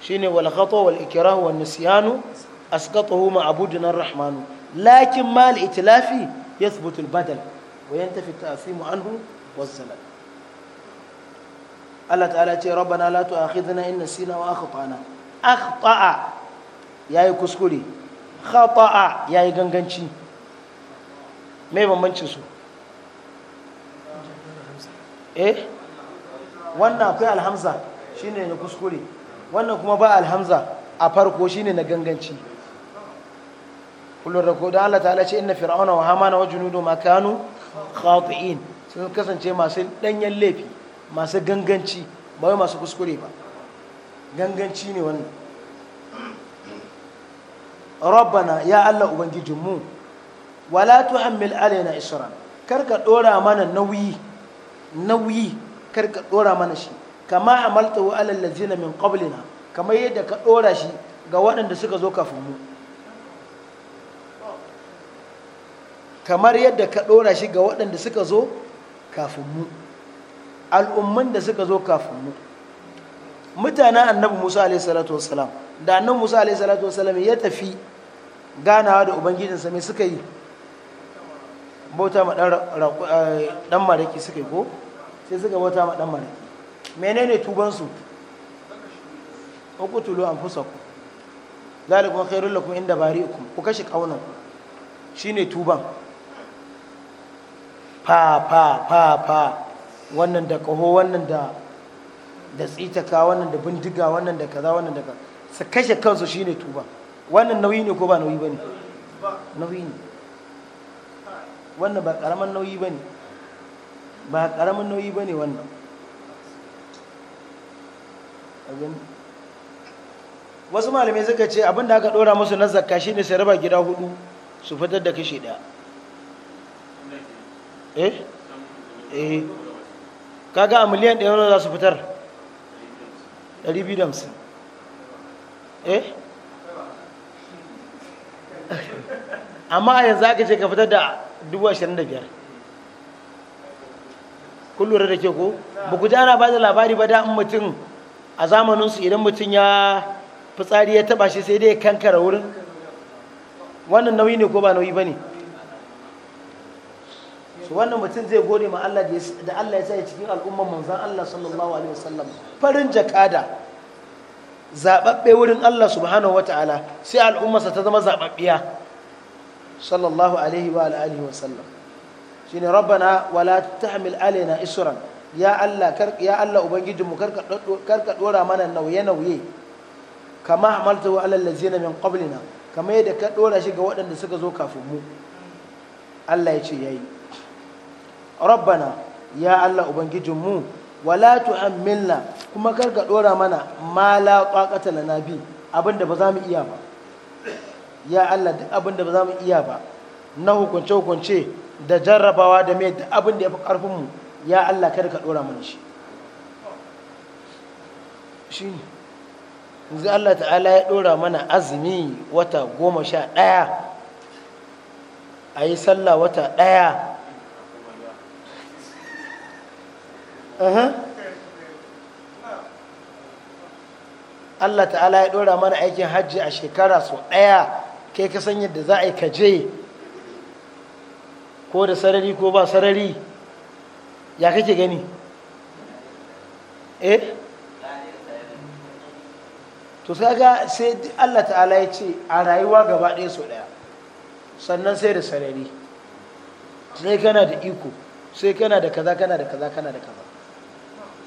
shine wal khata wal ikrahu wan nisyanu asqatahu ma abudina rahmanu. lakin ma al itlafi yathbutu al badal wa yantafi ta'simu anhu was zalal Allah ta'ala ce rabbana la tu'akhidhna in nasina wa akhtana akhta'a yayi kuskure khata'a yayi ganganci me bambancin su eh wannan akwai alhamza shine na kuskure wannan kuma ba alhamza a farko shine na ganganci kullum rako da Allah ta'ala ce inna fir'auna wa hamana wa junudu ma kanu khati'in sun kasance masu danyen laifi masu ganganci ba wai masu kuskure ba ganganci ne wannan rabbana ya Allah ubangijinmu wala tuhammil alaina isran kar ka dora mana nauyi nauyi kar ka dora mana shi kama wa alal ladina min qablina kamar yadda ka dora shi ga waɗanda suka zo kafin mu kamar yadda ka dora shi ga waɗanda suka zo kafin mu al'umman da suka zo kafin mu mutane annabi Musa alayhi salatu wassalam da annabi Musa alayhi salatu wassalam ya tafi ganawa da ubangijinsa mai suka yi bauta ma dan eh, maraki suka yi ko sai suka bauta ma dan maraki menene tubansu fusa ku zalikum khairul lakum inda uku ku kashe kaunan shine tuban fa fa fa fa wannan da kaho wannan da da tsitaka wannan da bindiga wannan da kaza wannan da kaza su kashe kansu shine tuba wannan nauyi ne ko ba nauyi bane nauyi ne wannan ba karamin nauyi ba ne ba karamin nauyi ba ne wannan wasu malamai suka ce abin da aka ɗora musu na zakka shine sai raba gida hudu su fitar da kashi ɗaya eh eh kaga a miliyan ɗaya wani za su fitar 250 eh amma yanzu aka ce ka fitar da dubu ashirin da biyar kun lura da ke ko ba ku ji ba da labari ba da mutum a zamaninsu idan mutum ya fitsari ya taba shi sai dai kankara wurin wannan nauyi ne ko ba nauyi ba ne su wannan mutum zai gode ma Allah da Allah ya sa cikin al'umman manzan Allah sallallahu alaihi wasallam farin jakada zaɓaɓɓe wurin Allah subhanahu ta'ala sai al'ummarsa ta zama zaɓaɓɓiya. sallallahu alaihi wa alihi wa sallam shine rabbana wala tahmil alaina isran ya Allah ya Allah ubangijinmu karka dora mana nauye nauye kama hamaltahu ala allazina min qablina kama yadda ka dora shi ga waɗanda suka zo kafin mu Allah ya ce yayi rabbana ya Allah ubangijinmu wala tuhammilna kuma karka dora mana ma la taqata lana bi abinda ba za mu iya ba ya Allah duk abin da ba za mu iya ba na hukunce-hukunce da jarrabawa da mai duk abin da ya fi ƙarfinmu ya Allah kada ka ɗora mana shi shi ne zai Allah ta'ala ya ɗora mana azumi wata goma sha ɗaya a yi sallah wata ɗaya Allah ta'ala ya ɗora mana aikin hajji a shekara sau ɗaya kai ka san yadda za a yi ka je ko da sarari ko ba sarari ya kake gani eh to ga sai Allah ta'ala ya ce a rayuwa gaba ɗaya so ɗaya sannan sai da sarari sai kana da iko sai kana da kaza kana da kaza kana da kaza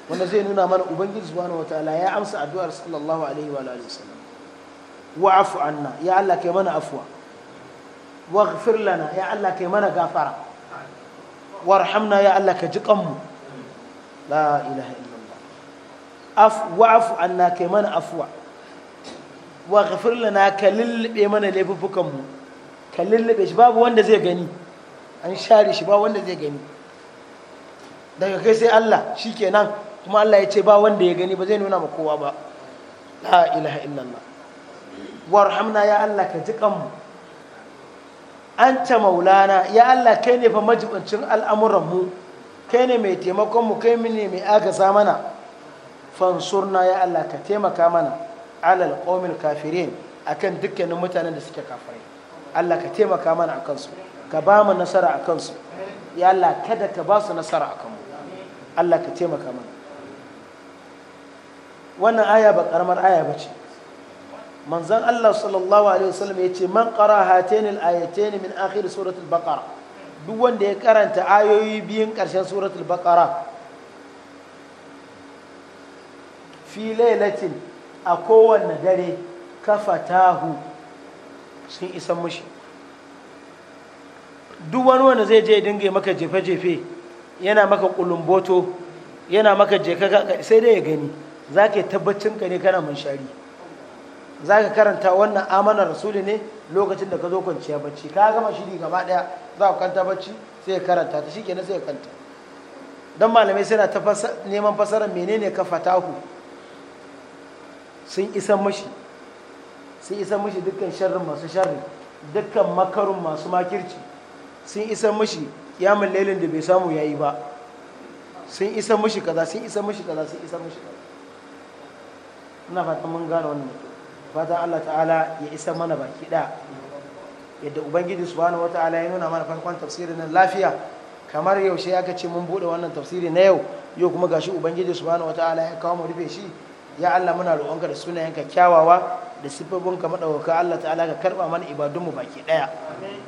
wanda zai nuna mana ubangiji subhanahu wataala ya amsa addu'ar sallallahu alaihi wa alihi wasallam wa'fu anna ya Allah kai mana afwa waghfir lana ya Allah kai mana gafara warhamna ya Allah ka ji kanmu la ilaha illallah af wa'fu anna kai mana afwa waghfir lana ka lullube mana laifukan ka shi wanda zai gani an share shi ba wanda zai gani daga kai sai Allah shi kenan kuma Allah ya ce ba wanda ya gani ba zai nuna ma kowa ba la ilaha illallah warhamna ya Allah ka ji kanmu anta maulana ya Allah kai ne fa majibancin al'amuranmu kai ne mai taimakonmu kai ne mai agaza mana fansurna ya Allah ka taimaka mana alal qawmil kafirin akan dukkanin mutanen da suke kafirai Allah ka taimaka mana akan su ka ba mu nasara akan su ya Allah kada ka ba su nasara akan mu Allah ka taimaka mana wannan aya ba karamar aya ba ce manzon Allah sallallahu alaihi wasallam yace man qara hatainil ayatain min akhir suratul baqara duk wanda ya karanta ayoyi biyun karshen suratul baqara fi lailatin a kowanne dare kafatahu sun isan mushi duk wani wanda zai je dinga maka jefe-jefe yana maka kulumboto yana maka jeka sai dai ya gani za ka yi tabbacin ka ne kana munshari za ka karanta wannan amana rasuli ne lokacin da ka zo kwanciya bacci ka gama shiri gaba daya za ka kanta bacci sai ya karanta ta na sai ya kanta don malamai suna ta neman fasarar menene ka fatahu sun isan mashi sun isan mashi dukkan sharrin masu sharri dukkan makarun masu makirci sun isan mashi min lailin da bai samu yayi ba sun isan mashi kaza sun isan mashi kaza sun isan mashi kaza ina fatan mun gane wannan fata Allah ta'ala ya isa mana baki da yadda ubangiji subhanahu wata'ala ya nuna mana farkon tafsirin nan lafiya kamar yaushe aka ce mun buɗe wannan tafsiri na yau yau kuma gashi ubangiji subhanahu wata'ala ya kawo mu rufe shi ya Allah muna roƙonka da sunayenka kyawawa da siffofin ka Allah ta'ala ka karɓa mana ibadunmu baki ɗaya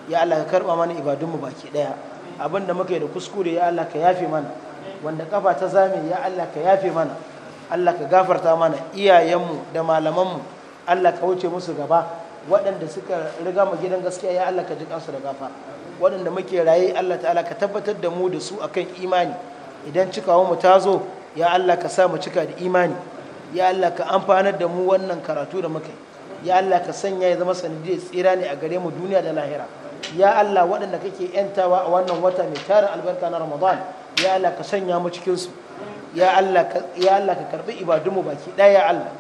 ya Allah ka karɓa mana ibadunmu baki ɗaya abin da muka yi da kuskure ya Allah ka yafe mana wanda kafa ta zame ya Allah ka yafe mana Allah ka gafarta mana iyayenmu da malamanmu Allah ka wuce musu gaba waɗanda suka riga mu gidan gaskiya ya Allah ka ji kansu da gafa waɗanda muke raye Allah ta'ala ka tabbatar da mu da su akan imani idan cikawa mu ta zo ya Allah ka sa mu cika da imani ya Allah ka amfanar da mu wannan karatu da muka ya Allah ka sanya ya zama sanadiyar tsira ne a gare mu duniya da lahira ya Allah waɗanda kake yantawa a wannan wata mai tara albarka na Ramadan ya Allah ka sanya mu cikin su ya Allah ka karbi ibadunmu baki ɗaya ya Allah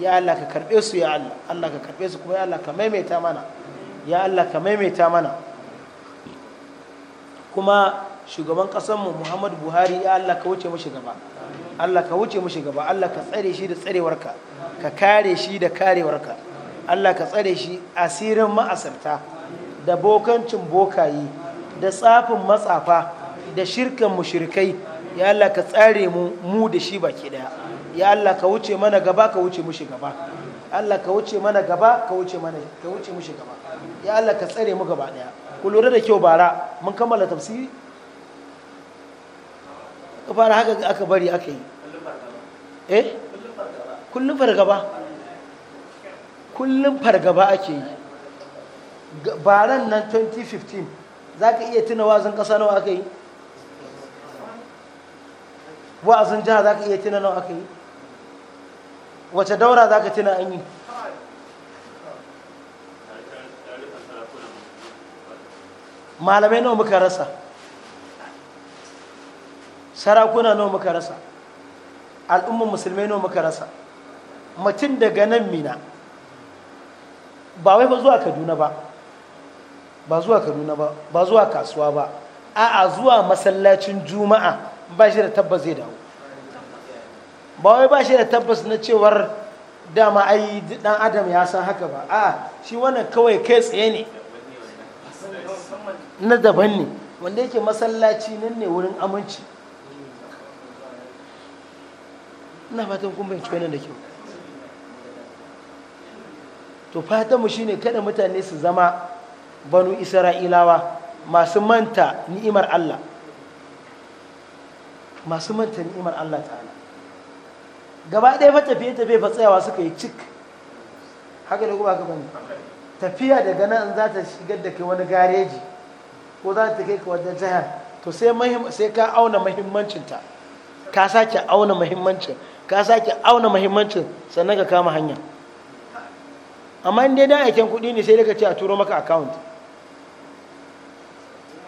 ya Allah ka karɓe su ya Allah Allah ka karɓe su kuma ya Allah ka maimaita mana ya Allah ka maimaita mana kuma shugaban ƙasarmu Muhammadu Buhari ya Allah ka wuce mashi gaba Allah ka wuce mashi gaba Allah ka tsare shi da tsarewarka ka kare shi da karewarka Allah ka tsare shi asirin ma'asarta da bokancin bokayi da tsafin matsafa da shirkan mushrikai ya Allah ka tsare mu mu da shi baki daya ya Allah ka wuce mana gaba ka wuce mushi gaba Allah ka wuce mana gaba ka wuce mana ka wuce mushi gaba ya Allah ka tsare mu gaba daya ku lura da kyau bara mun kammala tafsiri ka fara haka aka bari aka yi eh kullum fargaba kullum fargaba ake yi baran nan 2015 za ka iya tuna wazin ƙasa nawa aka yi wa'azin jiha za ka iya tuna nawa aka yi wace daura za ka tuna an yi malamai nawa muka rasa sarakuna nawa muka rasa al'ummar musulmai nawa muka rasa mutum daga nan mina ba wai ba zuwa kaduna ba ba zuwa kaduna ba ba zuwa kasuwa ba a'a zuwa masallacin juma'a ba shi da tabbas zai dawo ba wai ba shi da tabbas na cewar dama ai dan adam ya san haka ba a shi wannan kawai kai tsaye ne na daban ne wanda yake masallaci nan ne wurin aminci ina fatan kun bayanci wannan da kyau to fatanmu shine kada mutane su zama banu isra'ilawa masu manta ni'imar Allah masu manta ni'imar Allah ta'ala gaba ɗaya fa tafiye tafiye fa tsayawa suka yi cik haka da kuma gaba ne tafiya daga nan za ta shigar da kai wani gareji ko za ta kai ka wajen jihar to sai ka auna mahimmancinta ka sake auna mahimmancin ka sake auna mahimmancin sannan ka kama hanya amma in dai da aiken kuɗi ne sai daga ce a turo maka account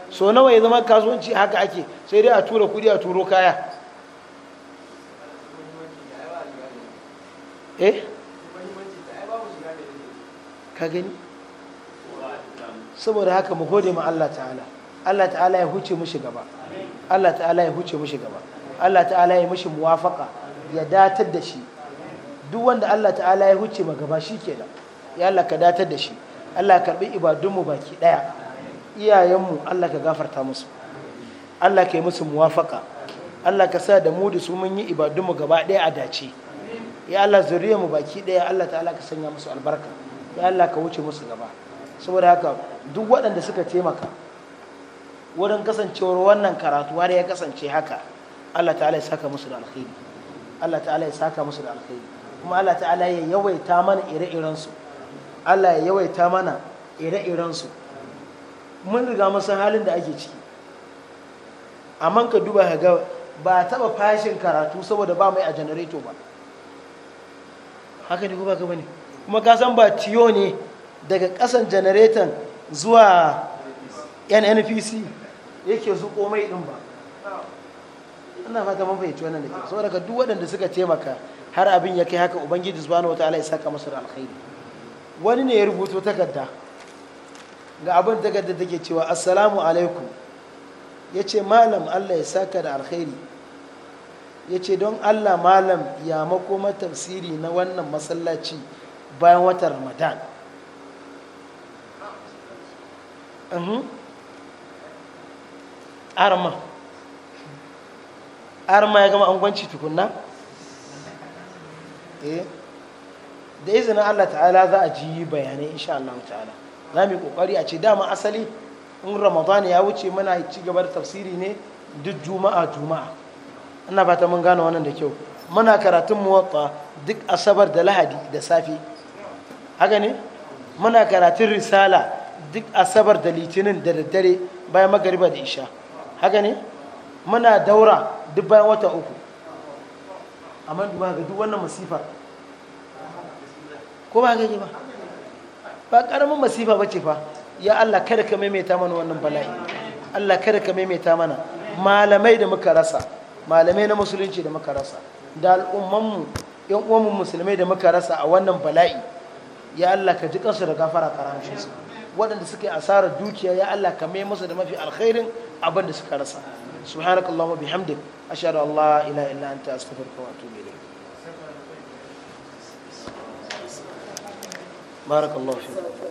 so nawa ya zama kasuwanci haka ake sai dai a tura kuɗi a turo kaya eh ka gani saboda haka mu gode ma Allah ta'ala Allah ta'ala ya huce mushi gaba Allah ta'ala ya huce mushi gaba Allah ta'ala ya mushi muwafaka ya datar da shi duk wanda Allah ta'ala ya huce ma gaba shi kenan ya Allah ka datar da shi Allah ka karbi mu baki daya mu Allah ka gafarta musu Allah ka yi musu muwafaka Allah ka sa da mu da su mun yi mu gaba daya a dace ya Allah zuriya mu baki daya Allah ta'ala ka sanya musu albarka ya Allah ka wuce musu gaba saboda haka duk waɗanda suka taimaka wurin kasancewar wannan karatu har ya kasance haka Allah ta'ala ya saka musu da alkhairi Allah ta'ala ya saka musu da alkhairi kuma Allah ta'ala ya yawaita mana ire-iren su Allah ya yawaita mana ire-iren su mun riga mun san halin da ake ciki amma ka duba ga ba taba fashin karatu saboda ba mai a janareto ba haka ne ba ka ne kuma ka san ba tiyo ne daga kasan janareton zuwa nnpc yake su mai din ba ina fata mun fahimci nan da ke so daga duk waɗanda suka taimaka har abin ya kai haka ubangiji na wata ya isa masa da alkhairi wani ne ya rubuto takarda ga abin takarda take cewa assalamu alaikum ya ce malam allah ya saka da alkhairi ya ce don allah malam ya makoma tafsiri na wannan masallaci bayan watan ramadan arma arma ya gama angwanci tukunna eh. da izinin allah ta'ala za a ji bayanai insha allah ta'ala za mu yi kokari a ce dama asali in ramadan ya wuce muna ci gaba da tafsiri ne duk juma'a juma'a ina fata mun gano wannan da kyau muna karatun muwatta duk asabar da lahadi da safe haka ne muna karatun risala duk asabar da litinin da daddare bayan magariba da isha haka ne muna daura duk bayan wata uku amma duba ga duk wannan masifa. ko ba gaji ba ba karamin masifa ba ce fa ya Allah kada ka maimaita mana wannan bala'i Allah kada ka maimaita mana malamai da muka rasa malamai na musulunci da muka rasa da al'ummanmu yan uwanmu musulmai da muka rasa a wannan bala'i ya Allah ka ji kansu da gafara karamshin su waɗanda suke asarar dukiya ya Allah ka mai musu da mafi alkhairin abin da suka rasa subhanakallahumma bihamdik ashhadu an la ilaha illa anta astaghfiruka wa atubu ilayk بارك الله